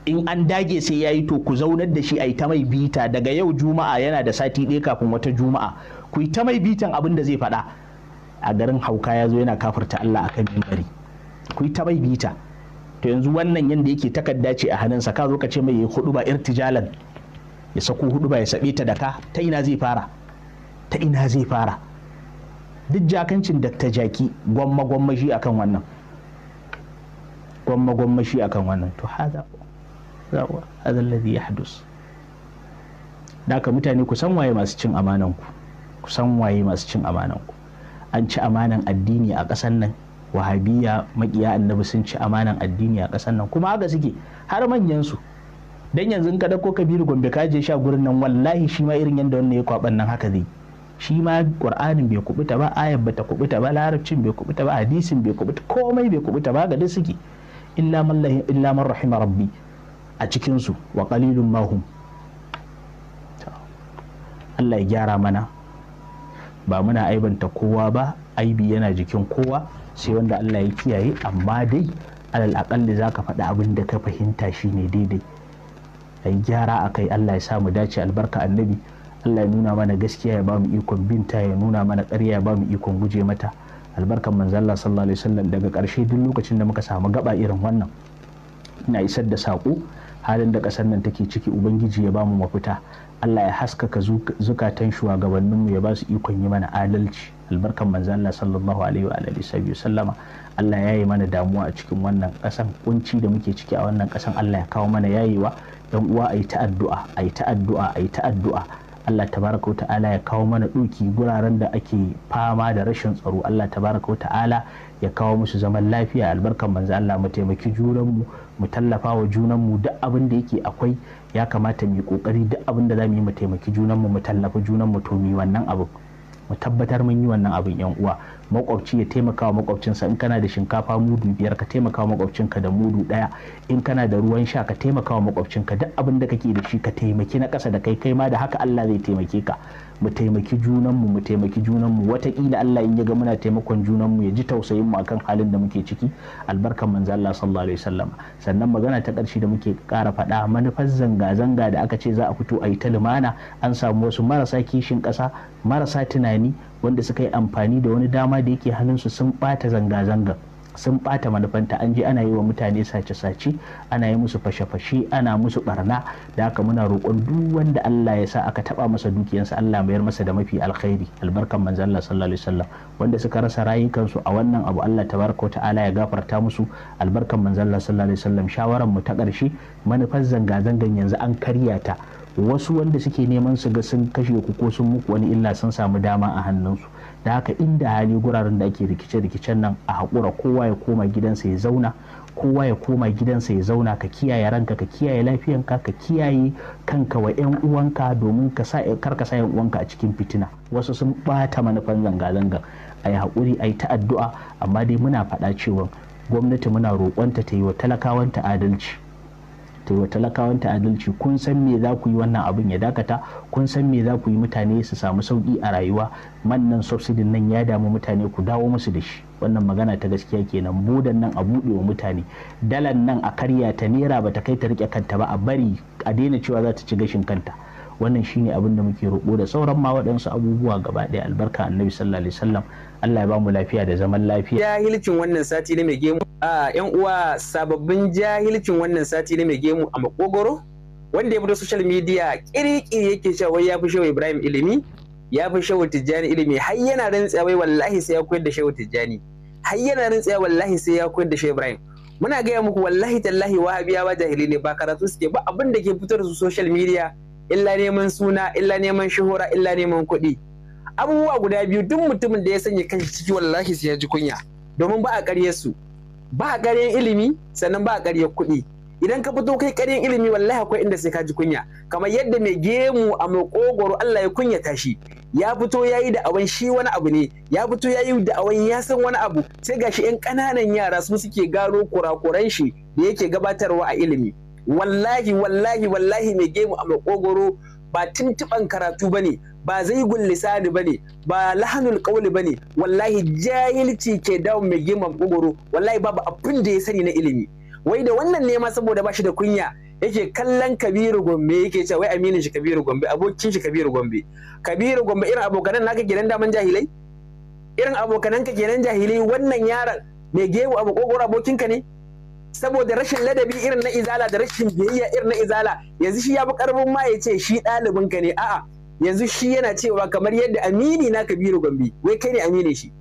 in an dage sai ya yi to ku zaunar da shi a yi ta mai bita daga yau juma'a yana da sati ɗaya kafin wata juma'a ku yi ta mai bitan abin da zai faɗa a garin hauka ya zo yana kafarta Allah a kan mimbari ku yi ta mai bita to yanzu wannan yadda yake takarda ce a hannunsa ka zo ka ce mai ya hudu ba irtijalan ya sako hudu ba ya saɓe ta da ka ta ina zai fara ta ina zai fara duk jakancin da ta jaki gwamma gwamma shi akan wannan gwamma gwamma shi akan wannan to haza zawa ya alladhi da ka mutane ku san waye masu cin amanan ku ku san waye masu cin amanan ku an ci amanan addini a ƙasar nan wahabiya makiya annabi sun ci amanan addini a ƙasar nan kuma haka suke har manyan su dan yanzu in ka dauko kabiru gombe ka je sha gurin nan wallahi shi ma irin yanda wannan ya kwaban nan haka zai shi ma qur'anin bai kubuta ba ayat bata kubuta ba larabcin bai kubuta ba hadisin bai kubuta komai bai kubuta ba ga duk suke illa man illa man rahima rabbi a cikin su wa qalilun mahum. Allah ya gyara mana ba muna aibanta kowa ba aibi yana jikin kowa sai wanda Allah ya kiyaye amma dai alal akalli zaka ka faɗi abin da ka fahimta shine daidai ai gyara akai Allah ya sa mu dace albarka annabi Allah ya nuna mana gaskiya ya bamu ikon binta ya nuna mana ƙarya ya bamu ikon guje mata albarkan manzalla sallallahu alaihi wasallam daga ƙarshe duk lokacin da muka samu gaba irin wannan ina isar da saƙo halin da ƙasar nan take ciki ubangiji ya bamu mafita Allah ya haskaka zukatan shugabanninmu ya ba su ikon yi mana adalci albarkan manzalla sallallahu alaihi wa alihi sallama Allah ya yi mana damuwa a cikin wannan ƙasan kunci da muke ciki a wannan ƙasan Allah ya kawo mana yayewa dan uwa ayi ta addu'a ayi ta addu'a ayi ta addu'a Allah tabaraka ta'ala ya kawo mana ɗuki guraren da ake fama da rashin tsaro Allah tabaraka ta'ala ya kawo musu zaman lafiya albarkan manzo Allah mu taimaki junanmu mu tallafa wa junanmu duk abin da yake akwai ya kamata mu yi kokari duk abin da zamu yi mu taimaki junanmu mu tallafa junanmu to mu wannan abu mu tabbatar mun yi wannan abin yan uwa makwabci ya taimaka wa makwabcinsa in kana da shinkafa mudu biyar ka taimaka wa makwabcinka da mudu ɗaya in kana da ruwan sha ka taimaka wa makwabcinka duk abin da kake da shi ka taimaki na ƙasa da kai kai ma da haka Allah zai taimake ka mu taimaki junanmu mu taimaki junanmu watakila Allah in ya ga muna taimakon junanmu ya ji tausayin mu akan halin da muke ciki albarkan manzo Allah sallallahu alaihi wasallam sannan magana ta ƙarshe da muke ƙara faɗa manufar zanga zanga da aka ce za a fito a yi ta lumana an samu wasu marasa kishin ƙasa marasa tunani wanda suka yi amfani da wani dama da yake hannunsu sun ɓata zanga-zanga sun ɓata manufanta an je ana yi wa mutane sace-sace ana yi musu fashe-fashe ana musu barna da haka muna roƙon duk wanda Allah ya sa aka taɓa masa dukiyansa Allah mayar masa da mafi alkhairi albarkan manzo Allah sallallahu alaihi wasallam wanda suka rasa rayukansu a wannan abu Allah tabaraka ta'ala ya gafarta musu albarkan manzo Allah sallallahu alaihi wasallam shawaran mu ta ƙarshe manufar zanga-zangan yanzu an karya ta wasu wanda suke neman su ga sun kashe ku ko sun muku wani illa sun samu dama a hannunsu da haka inda hali guraren da ake rikice-rikicen nan a haƙura kowa ya koma gidansa ya zauna kowa ya koma gidansa ya zauna ka kiyaye ranka ka kiyaye lafiyanka ka kiyaye kanka wa 'yan uwanka domin ka sa kar ka sa 'yan uwanka a cikin fitina wasu sun bata manufan zanga-zanga a yi haƙuri a yi ta addu'a amma dai muna faɗa cewa gwamnati muna roƙonta ta yi wa talakawanta adalci ta yi wa adalci kun san me za ku yi wannan abin ya dakata kun san me za ku yi mutane su samu sauki a rayuwa mannan nan nan ya damu mutane ku dawo musu da shi wannan magana ta gaskiya kenan budan nan a buɗe wa mutane dalan nan a karya ta nera ba ta kai ta rike kanta ba a bari a daina cewa za ta ci gashin kanta wannan shine abin da muke roƙo da sauran ma waɗansu abubuwa gaba ɗaya albarka annabi sallallahu alaihi wasallam Allah ya ba mu lafiya da zaman lafiya jahilcin wannan sati na mai gemu a ƴan uwa sababbin jahilcin wannan sati na mai gemu a makogoro wanda ya fito social media kirikiri yake cewa wai ya fi shehu Ibrahim ilimi ya fi shehu Tijjani ilimi har yana rantsa wai wallahi sai ya koyar da shehu Tijjani har yana rantsa wallahi sai ya koyar da shehu Ibrahim muna gaya muku wallahi tallahi wahabiyawa jahili ne ba karatu suke ba abin da ke fitar su social media illa neman suna illa neman shuhura illa neman kuɗi abubuwa guda biyu duk mutumin da ya sanya kan ciki wallahi sai ya ji kunya domin ba a ƙaryar su ba a ƙaryar ilimi sannan ba a ƙaryar kuɗi idan ka fito kai ƙaryar ilimi wallahi akwai inda sai ka ji kunya kamar yadda mai gemu a makogoro Allah ya kunyata shi ya fito ya yi da'awan shi wani abu ne ya fito ya yi da'awan ya san wani abu sai gashi 'yan ƙananan yara su suke gano kurakuran shi da yake gabatarwa a ilimi wallahi wallahi wallahi mai gemu a makogoro ba tuntuban karatu ba ne ba zaigun lisani ba ne ba lahanul kauli ba ne wallahi jahilci ke dawo mai girman ƙogoro wallahi babu abin da ya sani na ilimi wai da wannan nema saboda ba shi da kunya yake kallon kabiru gombe yake cewa wai aminin shi kabiru gombe abokin shi kabiru gombe kabiru gombe irin abokanan naka kenan daman jahilai irin abokanan ka kenan jahilai wannan yaran mai gewu abu abokinka ne saboda rashin ladabi irin na izala da rashin biyayya irin na izala yanzu shi ya fi karfin ma ya ce shi ɗalibin ka ne a'a yanzu shi yana cewa kamar yadda amini na kabiru gombe wai kai ne amine shi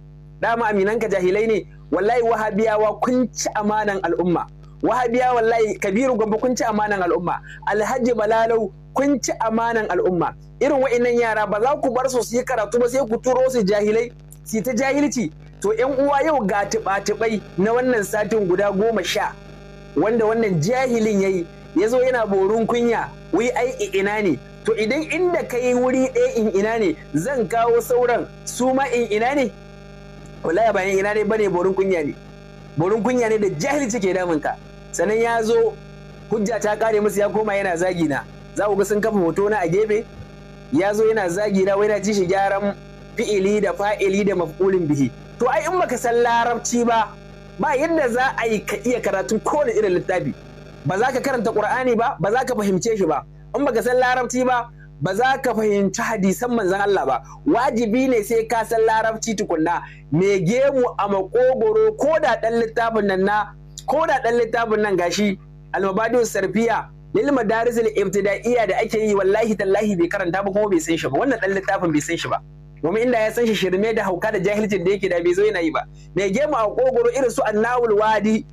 dama aminanka jahilai ne wallahi wahabiyawa kun ci amanan al'umma wahabiya wallahi kabiru gombe kun ci amanan al'umma alhaji balalau kun ci amanan al'umma irin wa'innan yara ba za ku bar su su yi karatu ba sai ku turo su jahilai su ta jahilci To ‘yan uwa yau ga tuɓa na wannan satin guda goma sha wanda wannan jahilin ya yi ya zo yana borin kunya wai ai ina ne to idan inda ka yi wuri ɗaya in ina ne zan kawo sauran su ma in ina ne wallahi ba ina ne bane borin kunya ne borin kunya ne da jahilci ke damun ka sannan ya zo hujja ta kare musu ya koma yana zagi na za ku ga sun kafa hoto na a gefe ya zo yana zagi na wai na ci shi gyaran fi'ili da fa'ili da maf'ulin bihi to ai in baka san larabci ba ba yadda za a yi ka iya karatun kowane irin littafi ba za ka karanta qur'ani ba ba za ka fahimce shi ba in baka san larabci ba ba za ka fahimci hadisan manzon Allah ba wajibi ne sai ka san larabci tukunna me gemu a makogoro ko da dan littafin nan na ko da dan littafin nan gashi almabadiyu sarfiya lil madarisil ibtida'iyya da ake yi wallahi tallahi bai karanta ba kuma bai san shi ba wannan dan littafin bai san shi ba domin inda ya san shi shirme da hauka da jahilcin da yake da bai zo yana yi ba mai gemu a kogoro irin su annawul wadi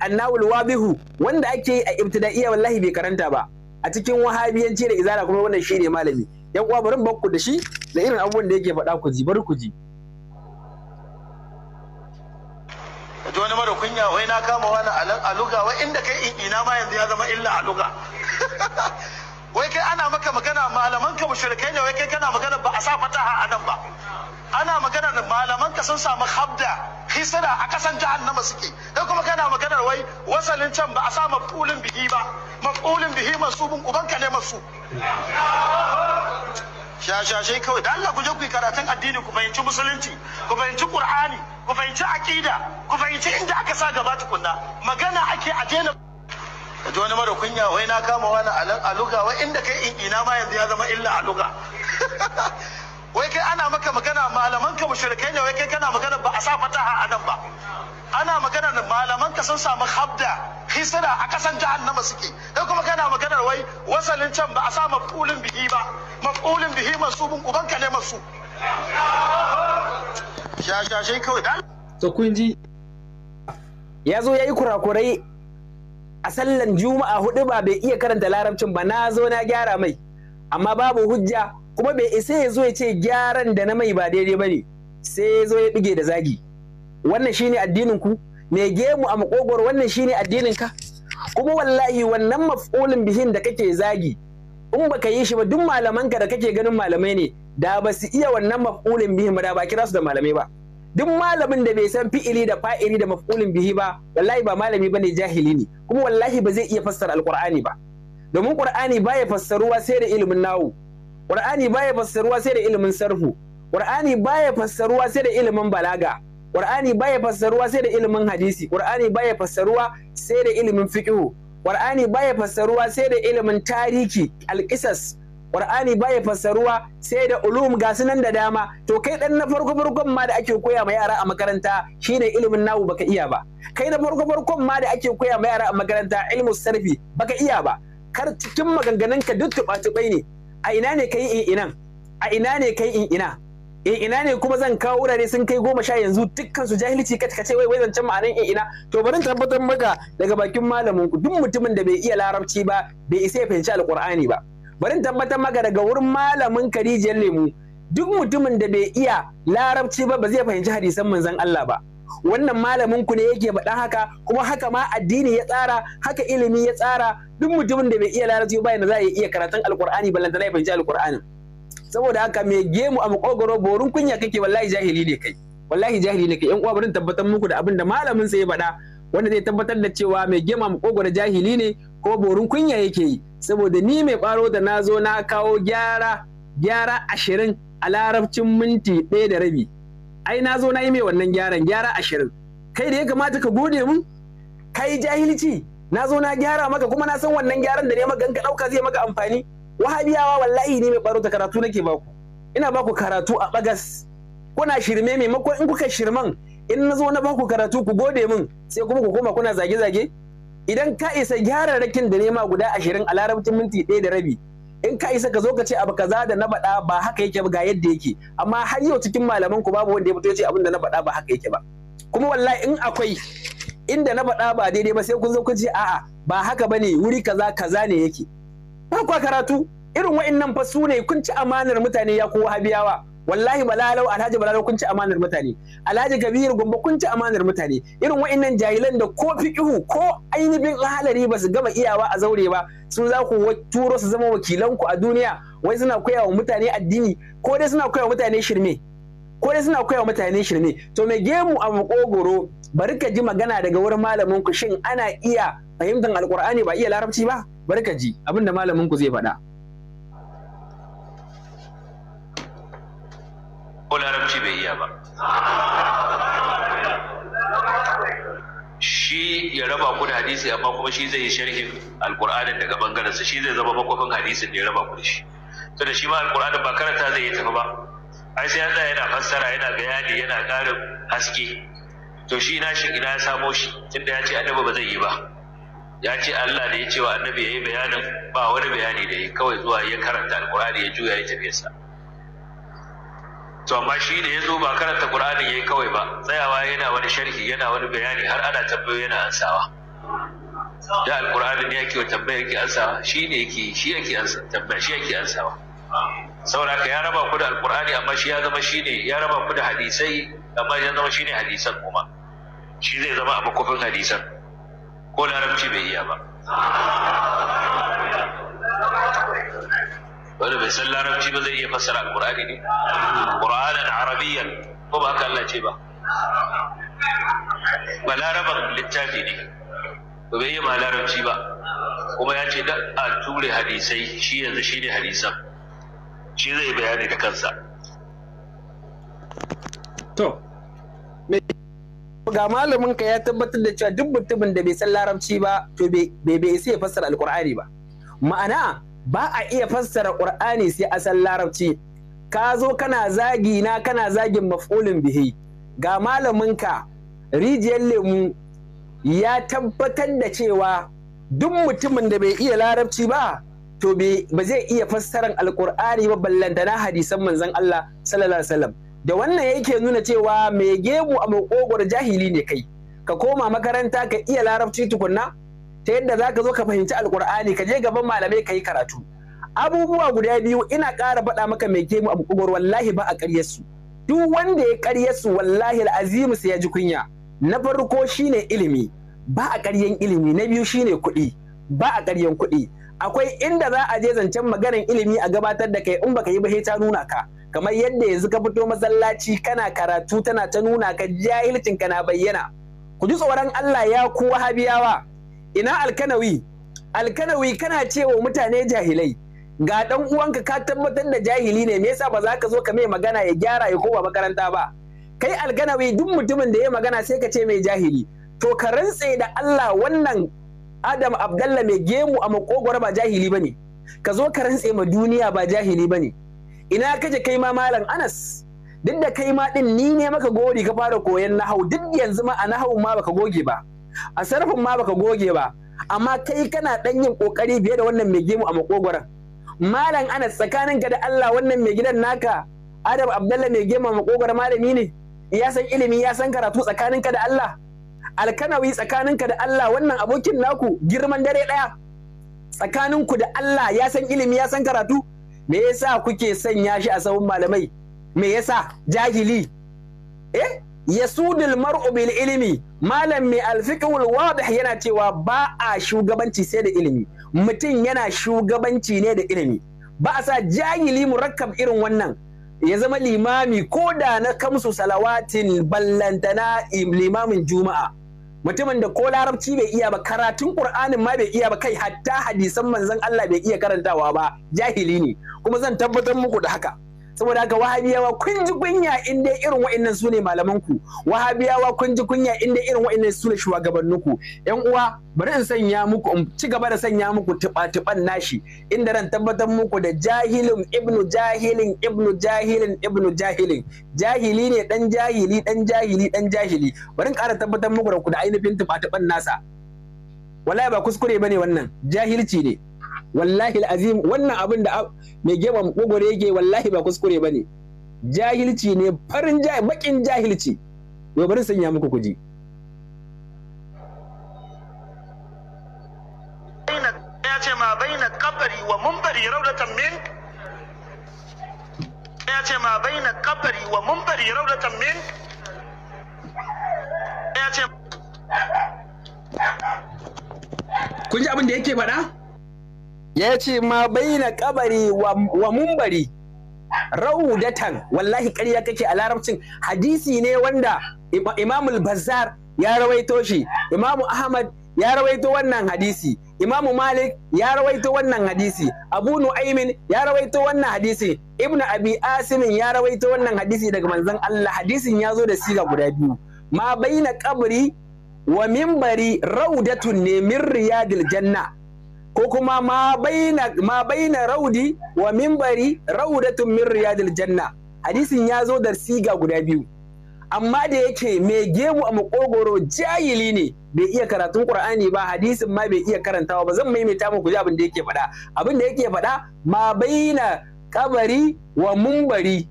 annawul wabihu wanda ake yi a ibtida'iyya wallahi bai karanta ba a cikin wahabiyanci da izara kuma wannan shi malami yan uwa bari bakku da shi da irin abubuwan da yake faɗa ku ji bari ku ji wani mara kunya wai na kama wani a wai inda kai ina ma yanzu ya zama illa a wai kai ana maka magana malamanka ka mushrikai ne wai kai kana magana ba a sa fataha a nan ba ana magana da malamanka sun samu habda hisira a kasan jahannama suke dan kuma kana maganar wai wasalin can ba a sa mafulin bihi ba mafulin bihi masu masubun ubanka ne masu shashashai kawai da Allah ku je ku yi karatun addini ku fahimci musulunci ku fahimci qur'ani ku fahimci aqida ku fahimci inda aka sa gaba tukunna magana ake a daina ji wani mara kunya wai na kama wani a luga wai inda kai in ina ma yanzu ya zama illa a luga wai kai ana maka magana malaman ka mushrikai ne wai kai kana magana ba a sa fataha a nan ba ana magana malaman ka sun samu habda hisira a kasan jahannama suke kai kuma kana maganar wai wasalin can ba a sa mafulin bihi ba mafulin bihi bin ubanka ne masu shashashe kawai to kun ji ya zo ya yi kurakurai a sallan juma'a hudu ba bai iya karanta larabcin ba na zo na gyara mai amma babu hujja kuma bai isa ya zo ya ce gyaran da na mai ba daidai ba ne sai ya zo ya ɗige da zagi wannan shine addinin ku me gemu a makogoro wannan shine addinin ka kuma wallahi wannan maf'ulin bihin da kake zagi in baka yi shi ba duk malamanka da kake ganin malamai ne da ba su iya wannan maf'ulin bihin ba da ba kira su da malamai ba duk malamin da bai san fi'ili da fa'ili da maf'ulin bihi ba wallahi ba malami bane jahili ne kuma wallahi ba zai iya fassara alqur'ani ba domin qur'ani baya fassaruwa sai da ilimin nawu qur'ani baya fassaruwa sai da ilimin sarhu qur'ani baya fassaruwa sai da ilimin balaga qur'ani baya fassaruwa sai da ilimin hadisi qur'ani baya fassaruwa sai da ilimin fiqh qur'ani baya fassaruwa sai da ilimin tarihi, alqisas Qur'ani baya fassaruwa sai da ulum ga nan da dama to kai dan na farko farkon ma da ake koya ma yara a makaranta shine ilimin nawu baka iya ba kai na farko farkon ma da ake koya ma yara a makaranta ilmu sarfi baka iya ba kar cikin ka duk tuba-tubai ne a ina ne kai in inan a ina ne kai in ina in ina ne kuma zan kawo wurare sun kai goma sha yanzu dukkan su jahilci ka ce wai wai zancen ma'anan in ina to bari tabbatar maka daga bakin malamin ku duk mutumin da bai iya larabci ba bai isa ya fahimci alqur'ani ba bari tabbatar maka daga wurin malamin karijiyar lemu duk mutumin da bai iya larabci ba ba zai fahimci hadisan manzon Allah ba wannan malamin ku ne yake faɗa haka kuma haka ma addini ya tsara haka ilimi ya tsara duk mutumin da bai iya larabci ba yana za ya iya karatun alkur'ani ballantana zai fahimci alkur'anin saboda haka mai gemu a makogoro borun kunya kake wallahi jahili ne kai wallahi jahili ne kai yan uwa bari tabbatar muku da abin da malamin sa ya faɗa wanda zai tabbatar da cewa mai gema a makogoro jahili ne ko borin kunya yake yi saboda ni mai ɓaro da na zo na kawo gyara gyara ashirin a larabcin minti ɗaya da rabi ai na zo na yi mai wannan gyaran gyara ashirin kai da ya kamata ka gode mu kai jahilci na zo na gyara maka kuma na san wannan gyaran da ne maka ka ɗauka zai maka amfani wahabiyawa wallahi ni mai ɓaro da karatu nake baku ina baku karatu a bagas kuna shirme maimakon in kuka shirman in na zo na baku karatu ku gode min sai kuma ku koma kuna zage-zage idan ka isa gyara rakin da nema guda ashirin a larabcin minti ɗaya da rabi in ka isa ka zo ka ce abu kaza da na baɗa ba haka yake ba ga yadda yake amma har yau cikin malaman ku babu wanda ya fito ya ce abin da na faɗa ba haka yake ba kuma wallahi in akwai inda na baɗa ba daidai ba sai kun zo kun ce a'a ba haka bane wuri kaza kaza ne yake ba kwa karatu irin wa'annan fa su ne kun ci amanar mutane ya kowa wahabiyawa wallahi balalau alhaji balalau kun ci amanar mutane alhaji kabir gumba kun ci amanar mutane irin wa'annan jahilan da ko fiqihu ko ainihin lahalari ba su gama iyawa a zaure ba su za ku turo su zama wakilanku a duniya wai suna koya wa mutane addini ko dai suna koya wa mutane shirme ko dai suna koya wa mutane shirme to me gemu a makogoro bari ka ji magana daga wurin malamin ku shin ana iya fahimtar alkur'ani ba iya larabci ba bari ka ji abinda malamin ku zai faɗa ko larabci bai iya ba shi ya raba ku da hadisi amma kuma shi zai yi sharhin alkurani daga bangarensa shi zai zama makwafin hadisin da ya raba ku da shi to da shi ma alkur'anin ba karanta zai yi tafi ba ai sai Allah yana fassara yana bayani yana ƙarin haske to shi ina shi ina ya samo shi tunda ya ce annabi ba zai yi ba ya ce Allah da ya ce wa annabi ya yi bayanin ba wani bayani da ya kawai zuwa ya karanta Alƙur'ani ya juya ya sa. to amma shi da ya zo ba karanta qur'ani yayi kawai ba tsayawa yana wani sharhi yana wani bayani har ana tambayo yana ansawa da alqur'ani ne yake tambaya yake ansawa shi ne yake shi yake ansa tambaya shi yake ansawa saboda ka ya raba ku da alqur'ani amma shi ya zama shi ne ya raba ku da hadisai amma ya zama shi ne hadisan kuma shi zai zama a makofin hadisan ko larabci bai iya ba wanda bai san larabci ba zai iya fassara alqur'ani ne qur'anan arabiyyan ko ba haka Allah ce ba balaraban littafi ne ba bai yi ma larabci ba kuma ya ce da a ture hadisai shi yanzu shi ne hadisan shi zai bayani da kansa to ga malamin ka ya tabbatar da cewa duk mutumin da bai san larabci ba to bai bai sai ya fassara alqur'ani ba ma'ana ba a iya fassara ƙur'ani sai asan larabci ka zo kana zagi na kana zagin maf'ulin bihi ga malaminka rijiyar lemu ya tabbatar da cewa duk mutumin da bai iya larabci ba to ba zai iya fassaran alƙur'ani ba na hadisan manzon Allah sallallahu alaihi wasallam da wannan yake nuna cewa mai gemu a makogwar jahili ne kai ka koma makaranta ka iya larabci tukunna ta yadda za ka zo ka fahimci alkur'ani ka je gaban malamai ka yi karatu abubuwa guda biyu ina ƙara faɗa maka mai gemu abu kubar wallahi ba a ƙaryarsu duk wanda ya ƙaryarsu wallahi al'azimu sai ya ji kunya na farko shine ilimi ba a ƙaryan ilimi na biyu shine kuɗi ba a ƙaryan kuɗi akwai inda za a je zancen maganar ilimi a gabatar da kai in baka yi ba sai ta nuna ka kamar yadda yanzu ka fito masallaci kana karatu tana ta nuna ka jahilcin ka na bayyana ku ji tsoron Allah ya ku Habiyawa. ina alkanawi alkanawi kana cewa mutane jahilai ga dan uwanka ka tabbatar da jahili ne me yasa ba za ka zo ka mai magana ya gyara ya koma makaranta ba kai alkanawi duk mutumin da ya magana sai ka ce mai jahili to ka rantse da Allah wannan Adam Abdallah mai gemu a makogwar ba jahili bane ka zo ka rantse ma duniya ba jahili bane ina kaje kai ma malam Anas duk da kai ma din ni ne maka gori ka fara koyon nahau duk yanzu ma a nahau ma baka goge ba a sarfin ma baka goge ba amma kai kana dan yin kokari biye da wannan mai gemu a makogoran malam anas tsakaninka da Allah wannan mai gidan naka Adam abdullahi mai gemu a makogwar malami ne ya san ilimi ya san karatu tsakaninka da Allah alkanawi tsakaninka da Allah wannan abokin naku girman dare daya tsakaninku da Allah ya san ilimi ya san karatu me yasa kuke sanya shi a sabon malamai me yasa jahili eh yasudul mar'u bil ilimi malam mai alfikul wadih yana cewa ba a shugabanci sai da ilimi mutum yana shugabanci ne da ilimi ba a sa jahili murakkab irin wannan ya zama limami ko da na kamsu salawatin ballantana limamin juma'a mutumin da ko larabci bai iya ba karatun qur'anin ma bai iya ba kai hatta hadisan manzon Allah bai iya karantawa ba jahili ne kuma zan tabbatar muku da haka saboda ga wahabiyawa kun ji kunya in dai irin wa'annan su ne malamanku wahabiyawa kun ji kunya in dai irin wa'annan su ne shugabanninku yan uwa bari in sanya muku in ci gaba da sanya muku tuba-tuban nashi inda ran tabbatar muku da jahilin ibnu jahilin ibnu jahilin ibnu jahilin jahili ne dan jahili dan jahili dan jahili bari in ƙara tabbatar muku da ku da ainihin tuba-tuban nasa wallahi ba kuskure bane wannan jahilci ne wallahi azim wannan abin da mai gema makogoro yake wallahi ba kuskure ba ne jahilci ne farin bakin jahilci yau bari sanya muku kuji ya ce ma kun ji abin da yake faɗa? ya ce ma bayyana kabari wa mumbari raudatan wallahi karya kake a larabcin hadisi ne wanda imamul bazzar ya rawaito shi imamu ahmad ya rawaito wannan hadisi imamu malik ya rawaito wannan hadisi abu nu'aimin ya rawaito wannan hadisi Ibn abi asimin ya rawaito wannan hadisi daga manzon allah hadisin ya zo da siga guda biyu ma bayyana kabari wa mimbari raudatun ne min riyadil janna ko kuma ma baina ma raudi wa minbari raudatun min riyadil janna hadisin ya zo da siga guda biyu amma da yake mai gemu a makogoro jahili ne bai iya karatun qur'ani ba hadisin ma bai iya karantawa ba zan maimaita muku ji abin da yake faɗa abin da yake faɗa ma baina kabari wa munbari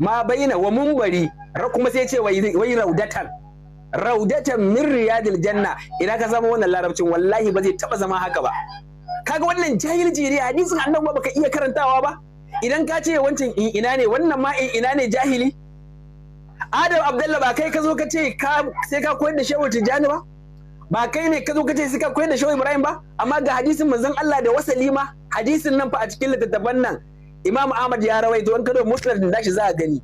ma baina wa munbari kuma sai ce wai raudatan raudatan min riyadil janna idan ka zama wannan larabcin wallahi ba zai taba zama haka ba kaga wannan jahil jiri hadisin annabi ba baka iya karantawa ba idan ka ce wancan in ina ne wannan ma in ina ne jahili Adam Abdullahi, ba kai ka zo ka ce sai ka koyar da Shehu Tijjani ba ba kai ne ka zo ka ce sai ka koyar da Shehu Ibrahim ba amma ga hadisin manzon Allah da wasali ma hadisin nan fa a cikin littattafan nan Imam Ahmad ya rawaito an kado Muslim da shi za a gani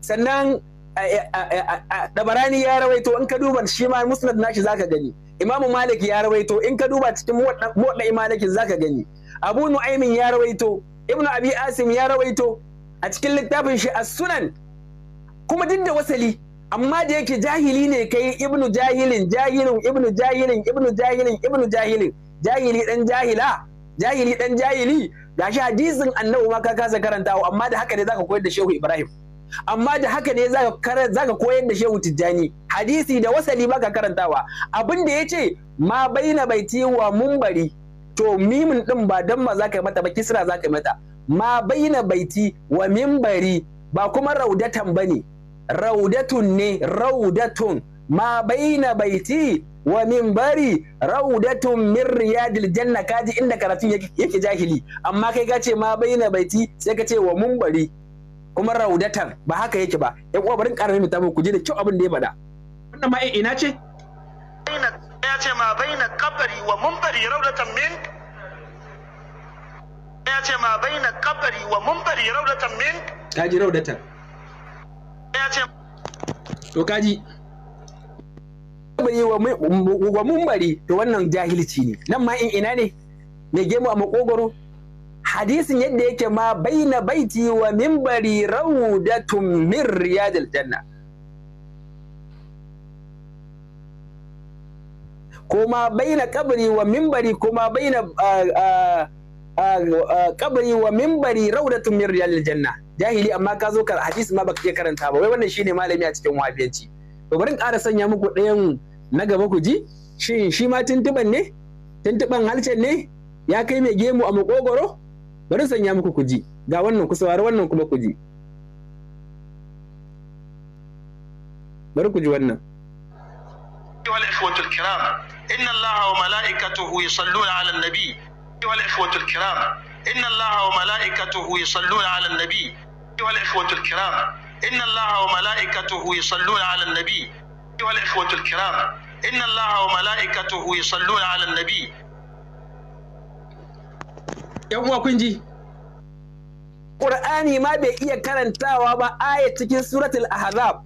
sannan dabarani ya rawaito in ka duba shi ma musnad nashi zaka gani imamu malik ya rawaito in ka duba cikin muwadda imalikin zaka gani abu nu'aymin ya rawaito ibnu abi asim ya rawaito a cikin littafin shi as-sunan kuma duk wasali amma da yake jahili ne kai ibnu jahilin jahilin ibnu jahilin ibnu jahilin ibnu jahilin jahili dan jahila jahili dan jahili gashi hadisin annabi ma ka kasa karantawa amma da haka ne zaka koyar da shehu ibrahim amma da haka ne za ka koyar da shehu tijjani hadisi da wasali ka karantawa abin da ya ce ma baina baiti wa mumbari to mimin din ba dan ma ka yi mata ba kisra ka yi mata ma baina baiti wa mimbari ba kuma raudatan ba ne. raudatun ne raudatun ma baina baiti wa mimbari raudatun min riyadil janna kaji inda karatun yake jahili amma kai ka ce ma baina baiti sai ka ce wa munbari kuma raudatar ba haka yake ba yan uwa barin in ƙara maimaita muku je da kyau abin da ya bada wannan ma ina ce ya ce ma baina kabari wa munbari raudatan min ya ce ma baina kabari wa munbari raudatan min kaji raudatar ya ce to kaji kabari wa munbari to wannan jahilci ne nan ma in ina ne mai gemu a makogoro hadisin yadda yake ma baina baiti wa mimbari raudatun min riyadil janna kuma baina kabri wa mimbari kuma baina kabri wa mimbari raudatun min riyadil janna jahili amma ka zo kar hadisi ma baka iya karanta ba wai wannan shine malami a cikin wafiyanci to bari in ƙara sanya muku ɗayan na gaba ku ji shin shi ma tuntuban ne tuntuban halcen ne ya kai mai gemu a makogoro bari sanya muku ku ji, ga wannan ku saurari wannan kuma ku ji. bari ku ji wannan والإخوة الكرام إن الله وملائكته يصلون على النبي أيها الإخوة الكرام إن الله وملائكته يصلون على النبي أيها الإخوة الكرام إن الله وملائكته يصلون على النبي أيها الإخوة الكرام إن الله وملائكته يصلون على النبي yan uwa kun ji Qur'ani ma bai iya karantawa ba aya cikin suratul ahzab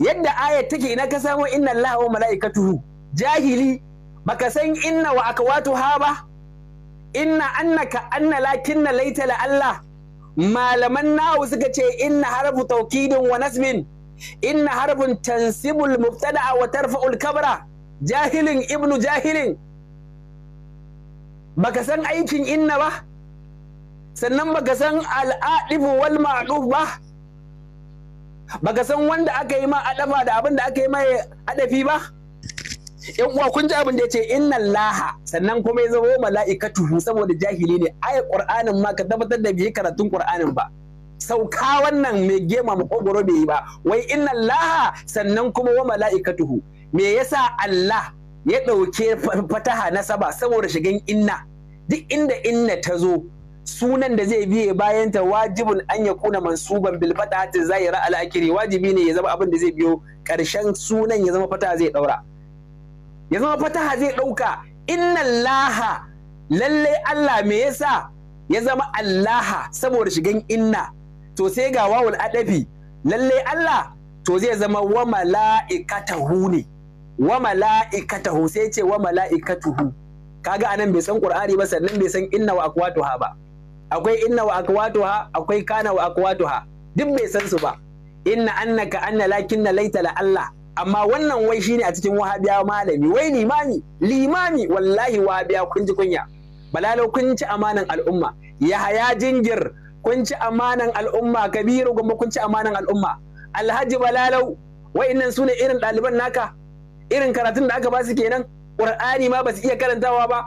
yadda aya take ina ka samu inna allaha wa malaikatuhu jahili baka san inna wa ha ba inna annaka anna lakinna laita la Allah malaman nahu suka ce inna harfu tawkidin wa nasbin inna harfun tansibul mubtada wa tarfa'ul kabra jahilin ibnu jahilin baka san aikin inna ba sannan baka san al'adifu wal ma'ruf ba baka san wanda aka yi ma adafa da abin da aka yi ma adafi ba yan uwa kun ji abin da yace inna laha sannan kuma ya zama tuhu saboda jahili ne ai qur'anin ma ka tabbatar da bai karatun qur'anin ba sauka wannan mai gema makogoro bai yi ba wai inna laha sannan kuma wa mala'ikatuhu me yasa Allah ya ɗauke fataha na saba saboda shigan inna duk inda inna ta zo sunan da zai biye bayan ta wajibin an ya kuna mansuban bil fatahati zahira al akiri wajibi ne ya zama abin da zai biyo karshen sunan ya zama fataha zai ɗaura. ya zama fataha zai ɗauka, inna laha lallai Allah me yasa ya zama allaha saboda shigan inna to sai ga wawul adabi, lallai Allah to zai zama wa mala'ikatahu ne wa mala'ikatahu sai ce wa mala'ikatuhu kaga anan bai san qur'ani ba sannan bai san inna wa ha ba akwai inna wa ha. akwai kana wa ha. duk bai san su ba inna annaka anna lakinna laita la Allah amma wannan wai shine a cikin wahabiya malami wai limami limami wallahi wahabiya kun ji kunya balalo kun ci amanan al'umma yahaya jingir kun ci amanan al'umma kabiru gumba kun ci amanan al'umma alhaji balalau wa'innan su ne irin ɗaliban naka irin karatun da aka ba su kenan qur'ani ma ba su iya karantawa ba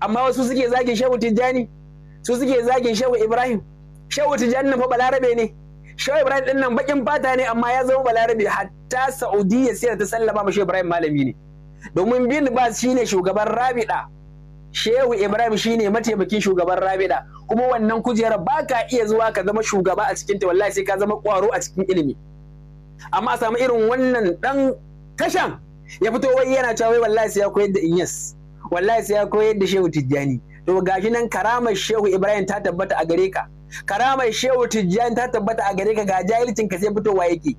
amma wasu suke zagin shehu tijjani su suke zagin shehu ibrahim shehu tijjani na fa balarabe ne shehu ibrahim din nan bakin fata ne amma ya zama balarabe hatta saudiya sai ta sallama ma shehu ibrahim malami ne domin bin ba shine shugaban rabida shehu ibrahim shine mataimakin shugaban rabida kuma wannan kujerar ba ka iya zuwa ka zama shugaba a cikinta wallahi sai ka zama kwaro a cikin ilimi amma a samu irin wannan dan tashan ya fito wai yana cewa wai wallahi sai ya koyar da Inyas wallahi sai ya koyar da Shehu Tijjani to gashi nan karamar Shehu Ibrahim ta tabbata a gare ka karamar Shehu Tijjani ta tabbata a gare ka ga jahilcin ka sai fitowa yake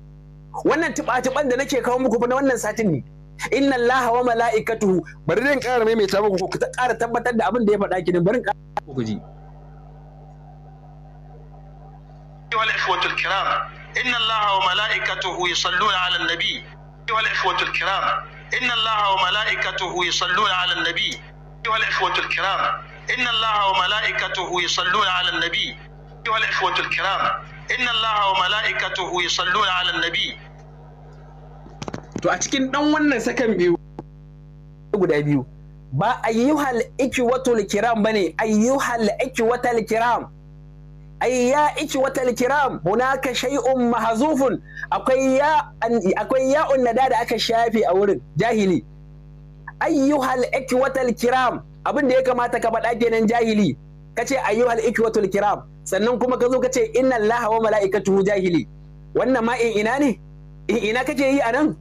wannan tuba-tuban da nake kawo muku na wannan satin ne inna allaha wa mala'ikatuhu bari zan kara maimaita muku ku ta kara tabbatar da abin da ya faɗa ki bari ƙara ku ji wal ikhwatul kiram inna allaha wa mala'ikatuhu yusalluna 'alan nabi أيها الإخوة الكرام إن الله وملائكته يصلون على النبي أيها الإخوة الكرام إن الله وملائكته يصلون على النبي أيها الإخوة الكرام إن الله وملائكته يصلون على النبي to a سكن بيو wannan sakan biyu guda biyu ba ayyuhal ikiwatul kiram bane ayyuhal ikiwatul kiram ai ya iki watal kiram hunaka shay'un mahzufun akwai ya akwai ya'un nada da aka shafe a wurin jahili ayyuhal ikwatal kiram abin da ya kamata ka faɗa kenan jahili kace ayyuhal ikwatul kiram sannan kuma ka zo kace ce inna allaha wa mala'ikatuhu jahili wannan ma in ina ne in ina kake yi anan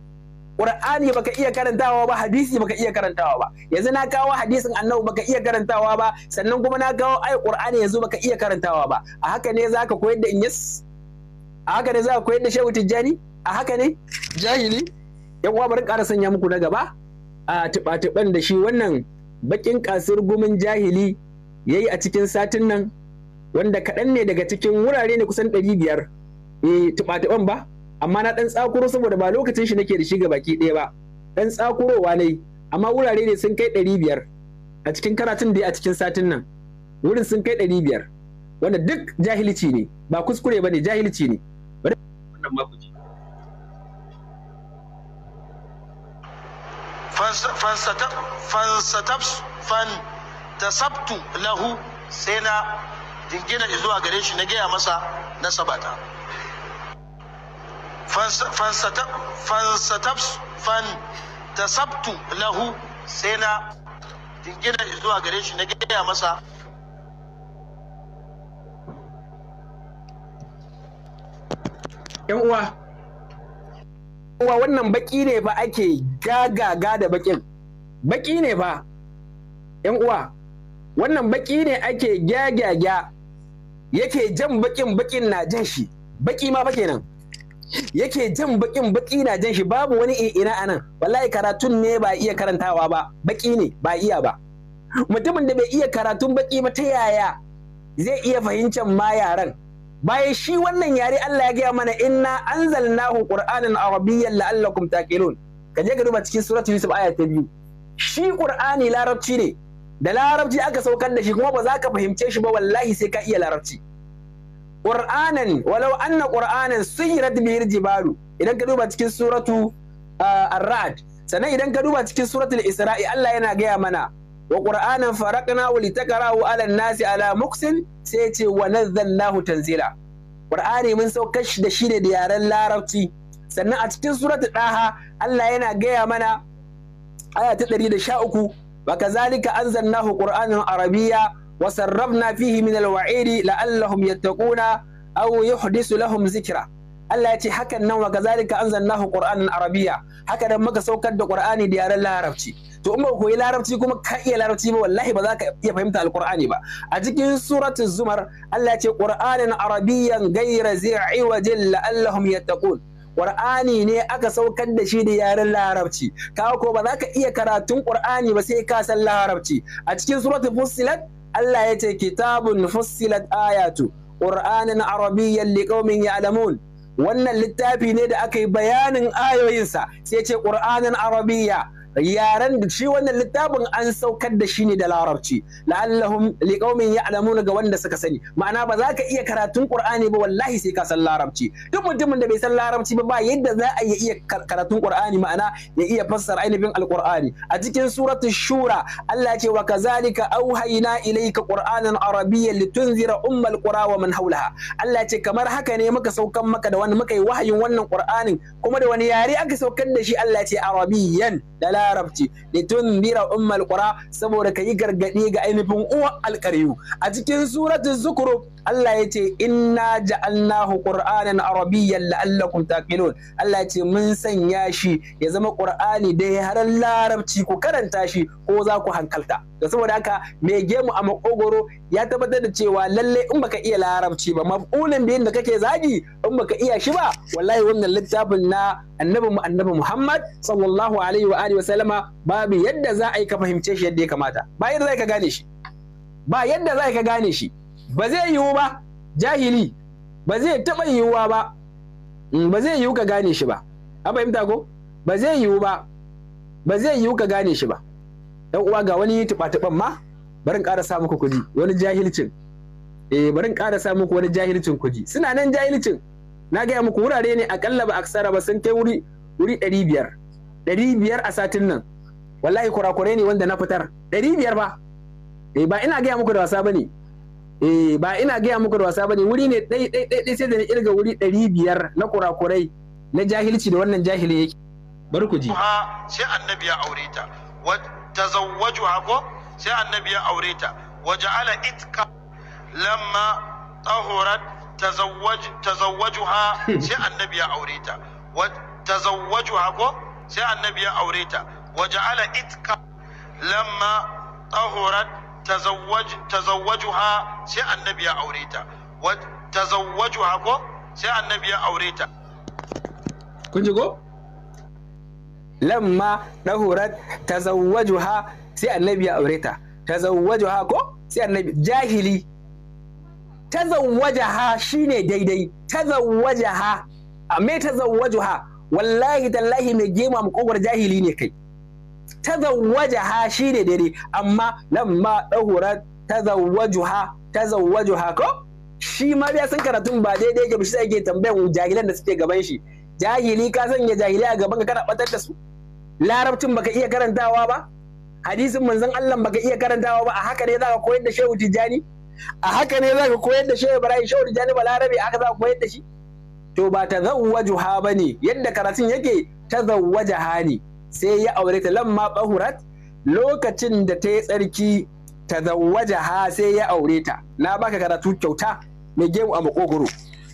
Qur'ani baka iya karantawa ba hadisi baka iya karantawa ba yanzu na kawo hadisin annabi baka iya karantawa ba sannan kuma na kawo ai Qur'ani yanzu baka iya karantawa ba a haka ne zaka koyar da inyas a haka ne zaka koyar da shehu tijjani a haka ne jahili yan uwa bari ƙara sanya muku na gaba a tuba-tuban da shi wannan bakin kasir gumin jahili yayi a cikin satin nan wanda kaɗan ne daga cikin wurare ne kusan ɗari biyar e eh, tuba-tuban ba amma na dan tsakuro saboda ba lokacin shi nake da shi ga baki ɗaya ba dan tsakurowa ne amma wurare ne sun kai ɗari biyar a cikin karatun da a cikin satin nan wurin sun kai ɗari biyar wanda duk jahilci ne ba kuskure ba ne jahilci ne wannan ma lahu sai na jingina zuwa gare shi na gaya masa na sabata fansatabtu lahu sai na jingina zuwa gare shi na gaya masa uwa uwa wannan baki ne ba ake gagaga da bakin baki ne ba yan uwa wannan baki ne ake gyagyagya yake jan bakin bakin na jan shi baki ma ba kenan yake jan bakin baki na jan shi babu wani ina anan wallahi karatun ne ba iya karantawa ba baki ne ba iya ba mutumin da bai iya karatun baki ba ta yaya zai iya fahimtar ma yaran bayan shi wannan yare Allah ya gaya mana inna anzalnahu qur'anan arabiyyan la'allakum taqilun ka je ka duba cikin suratul yusuf aya ta biyu shi qur'ani larabci ne da larabci aka saukar da shi kuma ba za ka fahimce shi ba wallahi sai ka iya larabci ƙur'anan walau anna qur'anan suyirat bihil jibalu idan ka duba cikin suratu ah, ar-ra'd sannan idan ka duba cikin suratul isra'i Allah yana gaya mana wa ƙur'anan faraqnahu litakarahu 'ala nasi ala muksin sai ce wa nazzalnahu tanzila Ƙur'ani mun saukar da shi ne da yaren larabci sannan a cikin suratul daha Allah yana gaya mana aya ta 113 wa kazalika anzalnahu qur'anan arabiyya wa sarrafna fihi min alwa'idi la'allahum yattaquna aw yuhdisu lahum zikira. Allah ya ce hakan nan wa kazalika anzalnahu qur'anan arabiyya haka dan muka saukar da qur'ani da yaren larabci to in ba koyi larabci kuma ka iya larabci ba wallahi ba za ka iya fahimta alqur'ani ba a cikin suratul zumar Allah ya ce qur'anan arabiyyan ghayra zi'i wajin la'allahum yattaqun Ƙur'ani ne aka saukar da shi da yaren larabci Ka ko ba za ka iya karatun Ƙur'ani ba sai ka san larabci a cikin suratul fussilat Allah ya ce kitabun fussilat ayatu Qur'anin arabiyyan liqaumin ya'lamun wannan littafi ne da aka yi bayanin ayoyinsa sai ce Qur'anin arabiyya yaran da shi wannan littafin an saukar da shi ne da larabci la'allahum liqaumin ya'lamun ga wanda suka sani ma'ana ba za ka iya karatun qur'ani ba wallahi sai ka san larabci duk mutumin da bai san larabci ba ba yadda za a iya karatun qur'ani ma'ana ya iya fassara ainihin alqur'ani a cikin suratu shura Allah ya ce wa kazalika auhayna ilayka qur'anan arabiyyan litunzira ummal qura wa man haulaha Allah ya ce kamar haka ne muka saukan maka da wani muka yi wahayin wannan qur'anin kuma da wani yare aka saukar da shi Allah ya ce arabiyyan da larabci tun bira ummal qura saboda kayi gargadi ga ainihin uwar alqariyu a cikin suratul zukuru Allah ya ce inna ja'alnahu qur'anan arabiyyan la'allakum taqilun Allah ya ce mun sanya shi ya zama qur'ani da haran larabci ku karanta shi ko za ku hankalta da saboda haka mai gemu a makogoro ya tabbatar da cewa lalle in baka iya larabci ba maf'ulin biyin da kake zagi in baka iya shi ba wallahi wannan littafin na annabi mu annabi Muhammad sallallahu alaihi wa alihi wasallama babu yadda za a yi ka fahimce shi yadda ya kamata ba yadda za ka gane shi ba yadda za ka gane shi ba zai yiwu ba jahili ba zai taɓa yiwuwa ba mm, ba zai yiwu ka gane shi ba an fahimta ko ba zai yiwu ba ba zai yiwu ka gane shi ba yan uwa ga wani tuɓa-tuɓan ma barin ƙara sa muku kuji wani jahilcin eh barin ƙara sa muku wani jahilcin kuji suna nan jahilcin na gaya muku wurare ne akalla ba aksara ba sun kai wuri wuri ɗari biyar ɗari biyar a satin nan wallahi kurakurai ne wanda na fitar ɗari biyar ba eh ba ina gaya muku da wasa bane eh ba ina gaya muku da wasa bane wuri ne ɗai ɗai ɗai sai da na irga wuri ɗari biyar na kurakurai na jahilci da wannan jahilin yake bar ku ji sai annabi ya aure ta wa tazawwaju ko sai annabi ya aure ta wa ja'ala itka lamma tahurat tazawwaj tazawwajuha sai annabi ya aure ta wa tazawwajuha ko sai annabi ya aure ta wa ja'ala itka lamma tahurat tazawwaj tazawwajuha sai annabi ya aure ta wa tazawwajuha ko sai annabi ya aure ta kun ji ko lamma tahurat tazawwajuha sai annabi ya aure ta tazawwajuha ko sai annabi jahili tazawwajaha shine daidai tazawwajaha me tazawwajuha wallahi tallahi mai gema makogwar jahili ne kai shi ne dare amma nan lamma dahura tazawwajuha tazawwajuha ko shi ma biya sun karatun ba daidai ga shi ake tambayan jahilan da suke gaban shi jahili ka sanya jahili a gaban ka kana batar da su larabcin baka iya karantawa ba hadisin manzon Allah baka iya karantawa ba a haka ne zaka koyar da shehu tijani a haka ne zaka koyar da shehu ibrahim shehu tijani balarabe a haka zaka koyar da shi to ba ta ha ba ne yadda karatun yake ta ha ne sai ya aure ta lamma bahurat lokacin da ta yi tsarki ta ha sai ya aure ta na baka karatu kyauta mai gemu a makogoro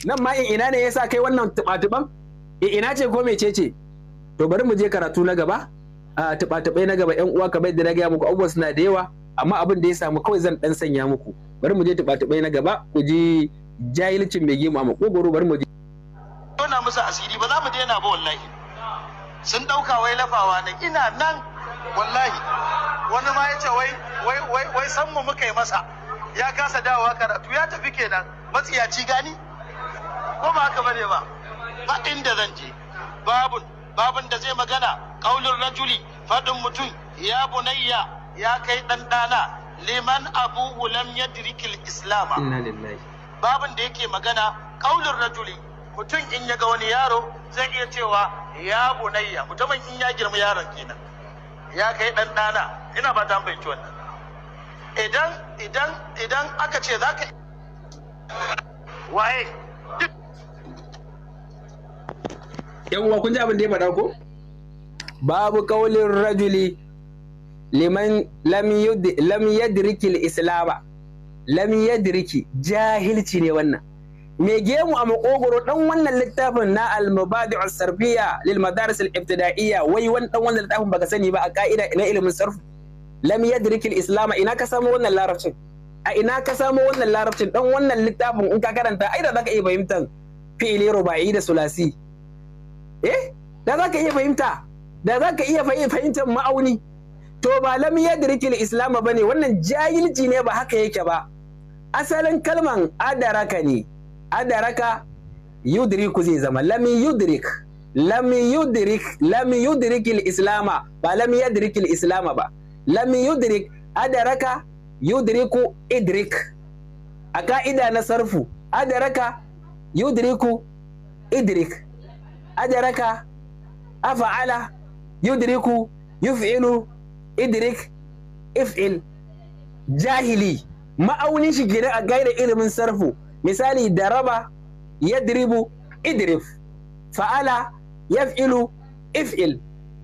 nan ma ina ne yasa kai wannan tuba ina ce ko mece ce to bari mu je karatu na gaba a tuba na gaba yan uwa kamar yadda na gaya muku abubuwa suna da yawa amma abin da ya samu kawai zan ɗan sanya muku bari mu je tuba na gaba ku ji jahilcin mai gemu a makogoro bari mu je musu asiri ba za mu daina ba wallahi sun ɗauka wai lafawa ne ina nan wallahi wani ma ya ce wai wai wai san mu muka yi masa ya kasa dawowa karatu ya tafi kenan matsiyaci gani ko ba haka bane ba ba inda zan je babun babun da zai magana qaulur rajuli fadin mutum ya bunayya ya kai dan dana liman abu lam yadrikil islama inna babun da yake magana qaulur rajuli mutum in ya ga wani yaro zai iya cewa ya bunayya mutumin in ya girma yaron kenan ya kai dan dana ina ba tan bai wannan idan idan idan aka ce zaka waye yawwa kun ji abin da ya faɗa ko babu kaulin rajuli liman lam yadriki islama lam yadriki jahilci ne wannan mai gemu a makogoro dan wannan littafin na al sarfiya lil madaris al-ibtida'iyya wai wani dan wannan littafin baka sani ba a ka'ida na ilimin sarf lam yadrik al-islam ina ka samu wannan larabcin a ina ka samu wannan larabcin dan wannan littafin in ka karanta ai da zaka iya fahimtar fi'ili ruba'i da sulasi eh da zaka iya fahimta da zaka iya fahimtar ma'auni to ba lam yadrik al-islam bane wannan jahilci ne ba haka yake ba asalin kalman adaraka ne adaraka yudriku zai zama lami yudrik lami yudrik lami yudrik islama ba lami yadrik islama ba lami yudrik adaraka yudriku idrik Aka ka'ida na sarfu adaraka yudriku idrik adaraka afa'ala yudriku yuf'ilu idrik if'il jahili ma'aunin shi gina a gaira ilimin sarfu misali daraba yadribu idrif fa'ala yaf'ilu if'il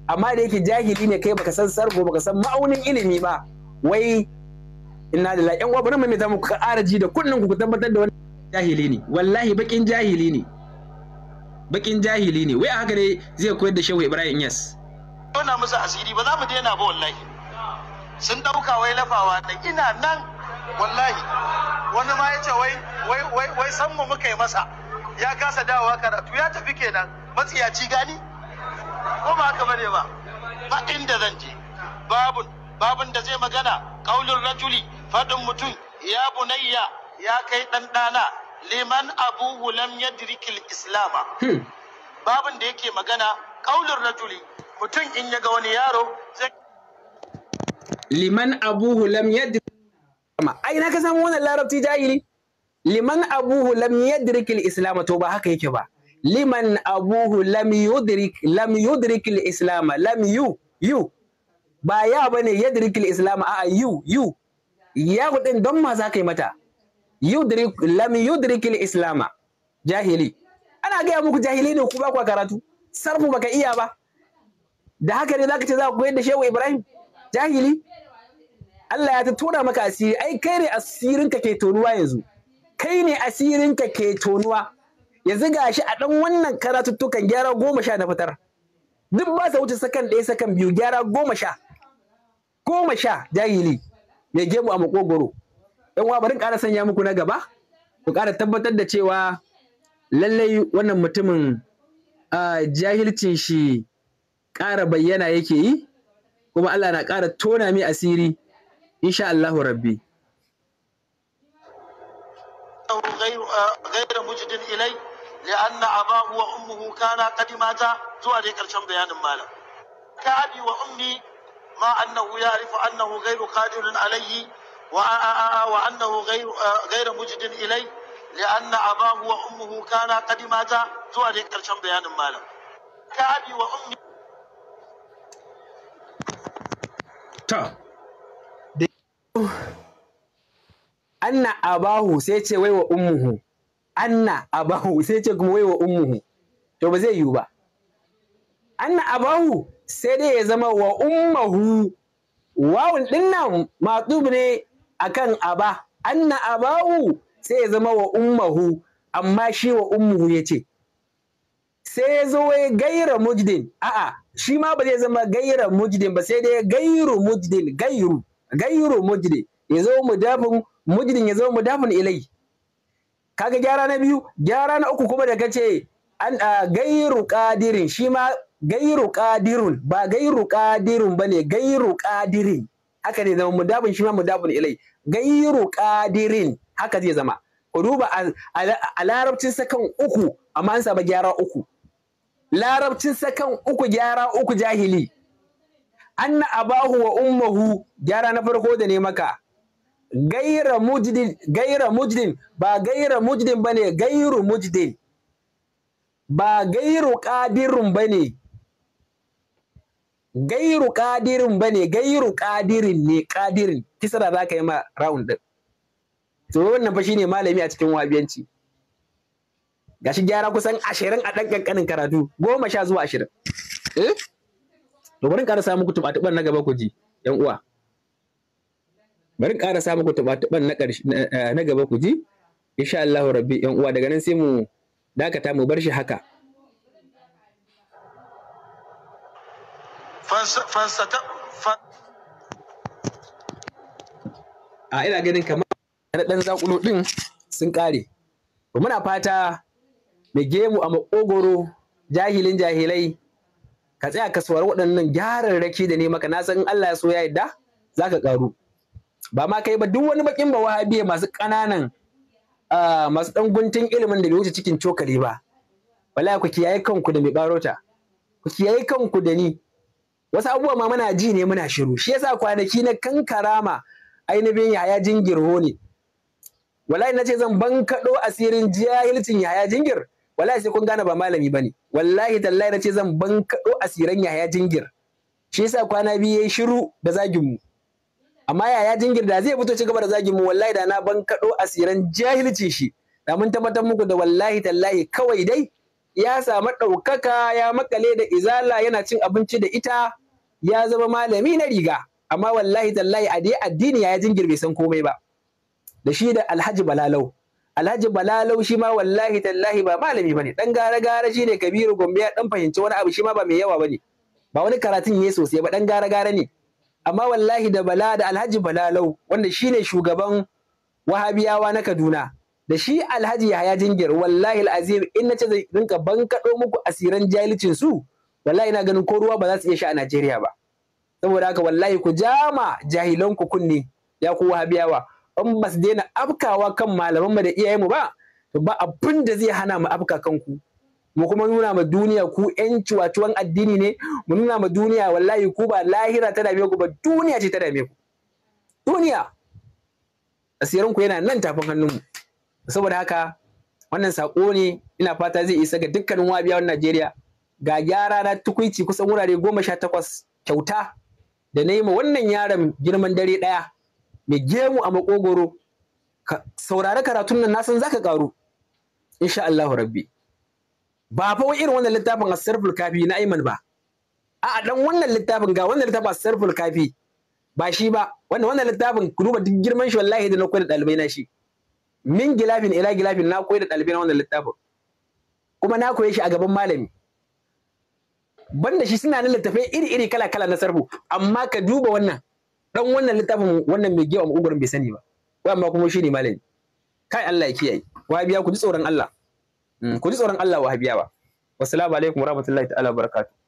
amma da yake jahili ne kai baka san sargo baka san ma'aunin ilimi ba wai inna da la'in wa bari mu kuka ara araji da kullun ku tabbatar da wani jahili ne wallahi bakin jahili ne bakin jahili ne wai a haka ne zai koyar da shehu ibrahim yes nuna musu asiri ba za mu daina ba wallahi sun dauka wai lafawa da ina nan wallahi wani ma ya ce wai wai san mu muka yi masa ya kasa dawowa karatu ya tafi kenan matsiyaci gani ko ba haka bane ba ba inda zan je babun babun da zai magana kaulin rajuli fadin mutum ya bunayya ya kai dan dana liman abu lam yadrikil islama hmm. babun da yake magana kaulin rajuli mutum in ya ga wani yaro zai liman abu lam yadrikil islama ai na ka samu wannan larabci jahili liman abuhu lam yadrik al-islam to ba haka yake ba liman abuhu lam yudrik lam yudrik al-islam lam yu yu ba ya bane yadrik al-islam a yu yu ya din don ma za ka yi mata yudrik lam yudrik al-islam jahili ana gaya muku jahili ne ku ba ku karatu sarfu baka iya ba da haka ne zaka ce za ku koyar da shehu ibrahim jahili Allah ya ta tona maka asiri ai kai ne asirin ka ke tonuwa yanzu kai ne asirinka ke tonuwa yanzu shi a ɗan wannan karatuttukan gyara goma sha na fitar duk ba sa wuce sakan ɗaya sakan biyu gyara goma sha goma sha jahili mai gemu a makogoro ɗan uwa bari ƙara sanya muku na gaba ku ƙara tabbatar da cewa lallai wannan mutumin jahilcin shi ƙara bayyana yake yi kuma Allah na ƙara tona mai asiri insha Allahu rabbi أنه غير غير مجد إليه لأن أباه وأمه كانا قد ماتا زوا دي كرشن بيان مالا كأبي وأمي ما أنه يعرف أنه غير قادر عليه وأنه غير غير مجد إليه لأن أباه وأمه كانا قد ماتا زوا دي كرشن بيان مالا كأبي وأمي تا anna abahu sai ce wai wa ummuhu anna abahu sai ce kuma wai wa ummuhu to ba zai yiwu ba anna abahu sai dai ya zama wa ummuhu wawun din nan matub ne akan aba anna abahu sai ya zama wa ummuhu amma shi wa ummuhu ya ce sai ya zo ya gaira mujdin a'a shi ma ba zai zama gaira mujdin ba sai dai gairu mujdin gairu gairu mujdin ya zo mudafin mujidin ya zama mudafin ilai kaga gyara na biyu gyara na uku kuma da ce. an gairu ƙadirin shi ma gairu ƙadirin ba gairu ba bane gairu kadirin. haka ne zama mudafin shi ma mudafin ilai gairu ƙadirin haka zai zama ku a larabcin sakan uku amma an saba gyara uku larabcin sakan uku gyara uku jahili anna abahu wa ummahu gyara na farko da ne maka gaira mujdin gaira mujdin ba gaira mujdin bane gairu mujdin ba gairu qadirun bane gairu qadirun bane gairu qadirin ne qadirin za zaka yi ma round din to wannan fa shine malami a cikin wabiyanci gashi gyara kusan ashirin a ɗan ƙanƙanin karatu goma sha zuwa ashirin. Eh? To bari in ƙara muku tubatuban na gaba ku ji ‘yan uwa. bari ƙara sa muku tuba-tuban eh, na gaba ku ji insha Allah rabbi yan uwa daga nan sai mu dakata mu bar shi haka a ina ganin kamar na ɗan zakulu ɗin sun ƙare muna fata mai gemu a maƙogoro jahilin jahilai ka tsaya ka suwar waɗannan gyararraki da ne maka nasan san Allah ya so ya yadda za ka ƙaru ba ma kai ba duk wani bakin ba wahabiya masu ƙananan masu ɗan guntun ilimin da bai wuce cikin cokali ba wallahi ku kiyaye kanku da mai barota ku kiyaye kanku da ni wasu abubuwa ma muna ji ne muna shiru shi yasa kwanaki na kankarama ainihin yaya jingirho ne wallahi ce zan bankaɗo asirin jahilcin yaya jingir wallahi sai kun gane ba malami bane wallahi tallahi ce zan bankaɗo asirin yaya jingir shi yasa kwana biyu ya yi shiru da zagin mu amma yaya jingir da zai fito ci gaba da zagin mu wallahi da na ban kaɗo asiran jahilci shi da mun tabbatar muku da wallahi tallahi kawai dai ya samu ɗaukaka ya makale da izala yana cin abinci da ita ya zama malami na riga amma wallahi tallahi a dai addini ya jingir bai san komai ba da shi da alhaji balalau alhaji balalau shi ma wallahi tallahi ba malami bane dan gara gara shi ne kabiru gombe ya dan fahimci wani abu shi ma ba mai yawa bane ba wani karatun ne sosai ba dan gara gara ne amma wallahi da bala da alhaji balalau wanda shi ne shugaban wahabiyawa na kaduna da shi alhaji yahaya jingir wallahi alazim in na ce zai rinka bankaɗo muku asiran jahilcin su wallahi ina ganin ko ruwa ba za su iya sha a najeriya ba saboda haka wallahi ku jama ku kunne ya ku wahabiyawa in ba su daina afkawa kan malaman malamanmu da iyayenmu ba ba abin da zai hana mu afka kanku mu kuma nuna ma duniya ku ƴan ciwacuwan addini ne mu nuna ma duniya wallahi ku ba lahira ta dame ku ba duniya ce ta dame ku duniya asirin ku yana nan tafin hannunmu saboda haka wannan sako ne ina fata zai isa ga dukkanin wabiyawan Najeriya ga gyara na tukuici kusan wurare goma sha takwas kyauta da na yi ma wannan yaron girman dare ɗaya mai gemu a makogoro saurari karatun nan na san zaka karu insha Allahu rabbi ba fa irin wannan littafin asarful kafi na Ayman ba a dan wannan littafin ga wannan littafin asarful kafi ba shi ba wannan wannan littafin ku duba duk girman shi wallahi da na koyar da dalibai na shi min gilafin ila gilafin na koyar da dalibai na wannan littafin kuma na koye shi a gaban malami banda shi suna nan littafai iri-iri kala-kala na sarfu amma ka duba wannan dan wannan littafin wannan mai gewa makogoron bai sani ba amma kuma shi ne malami kai Allah ya kiyaye wa biya ku ji tsoron Allah Mm, ku ji tsoron Allah wahabiyawa wassalamu alaikum warahmatullahi ta'ala barakatuh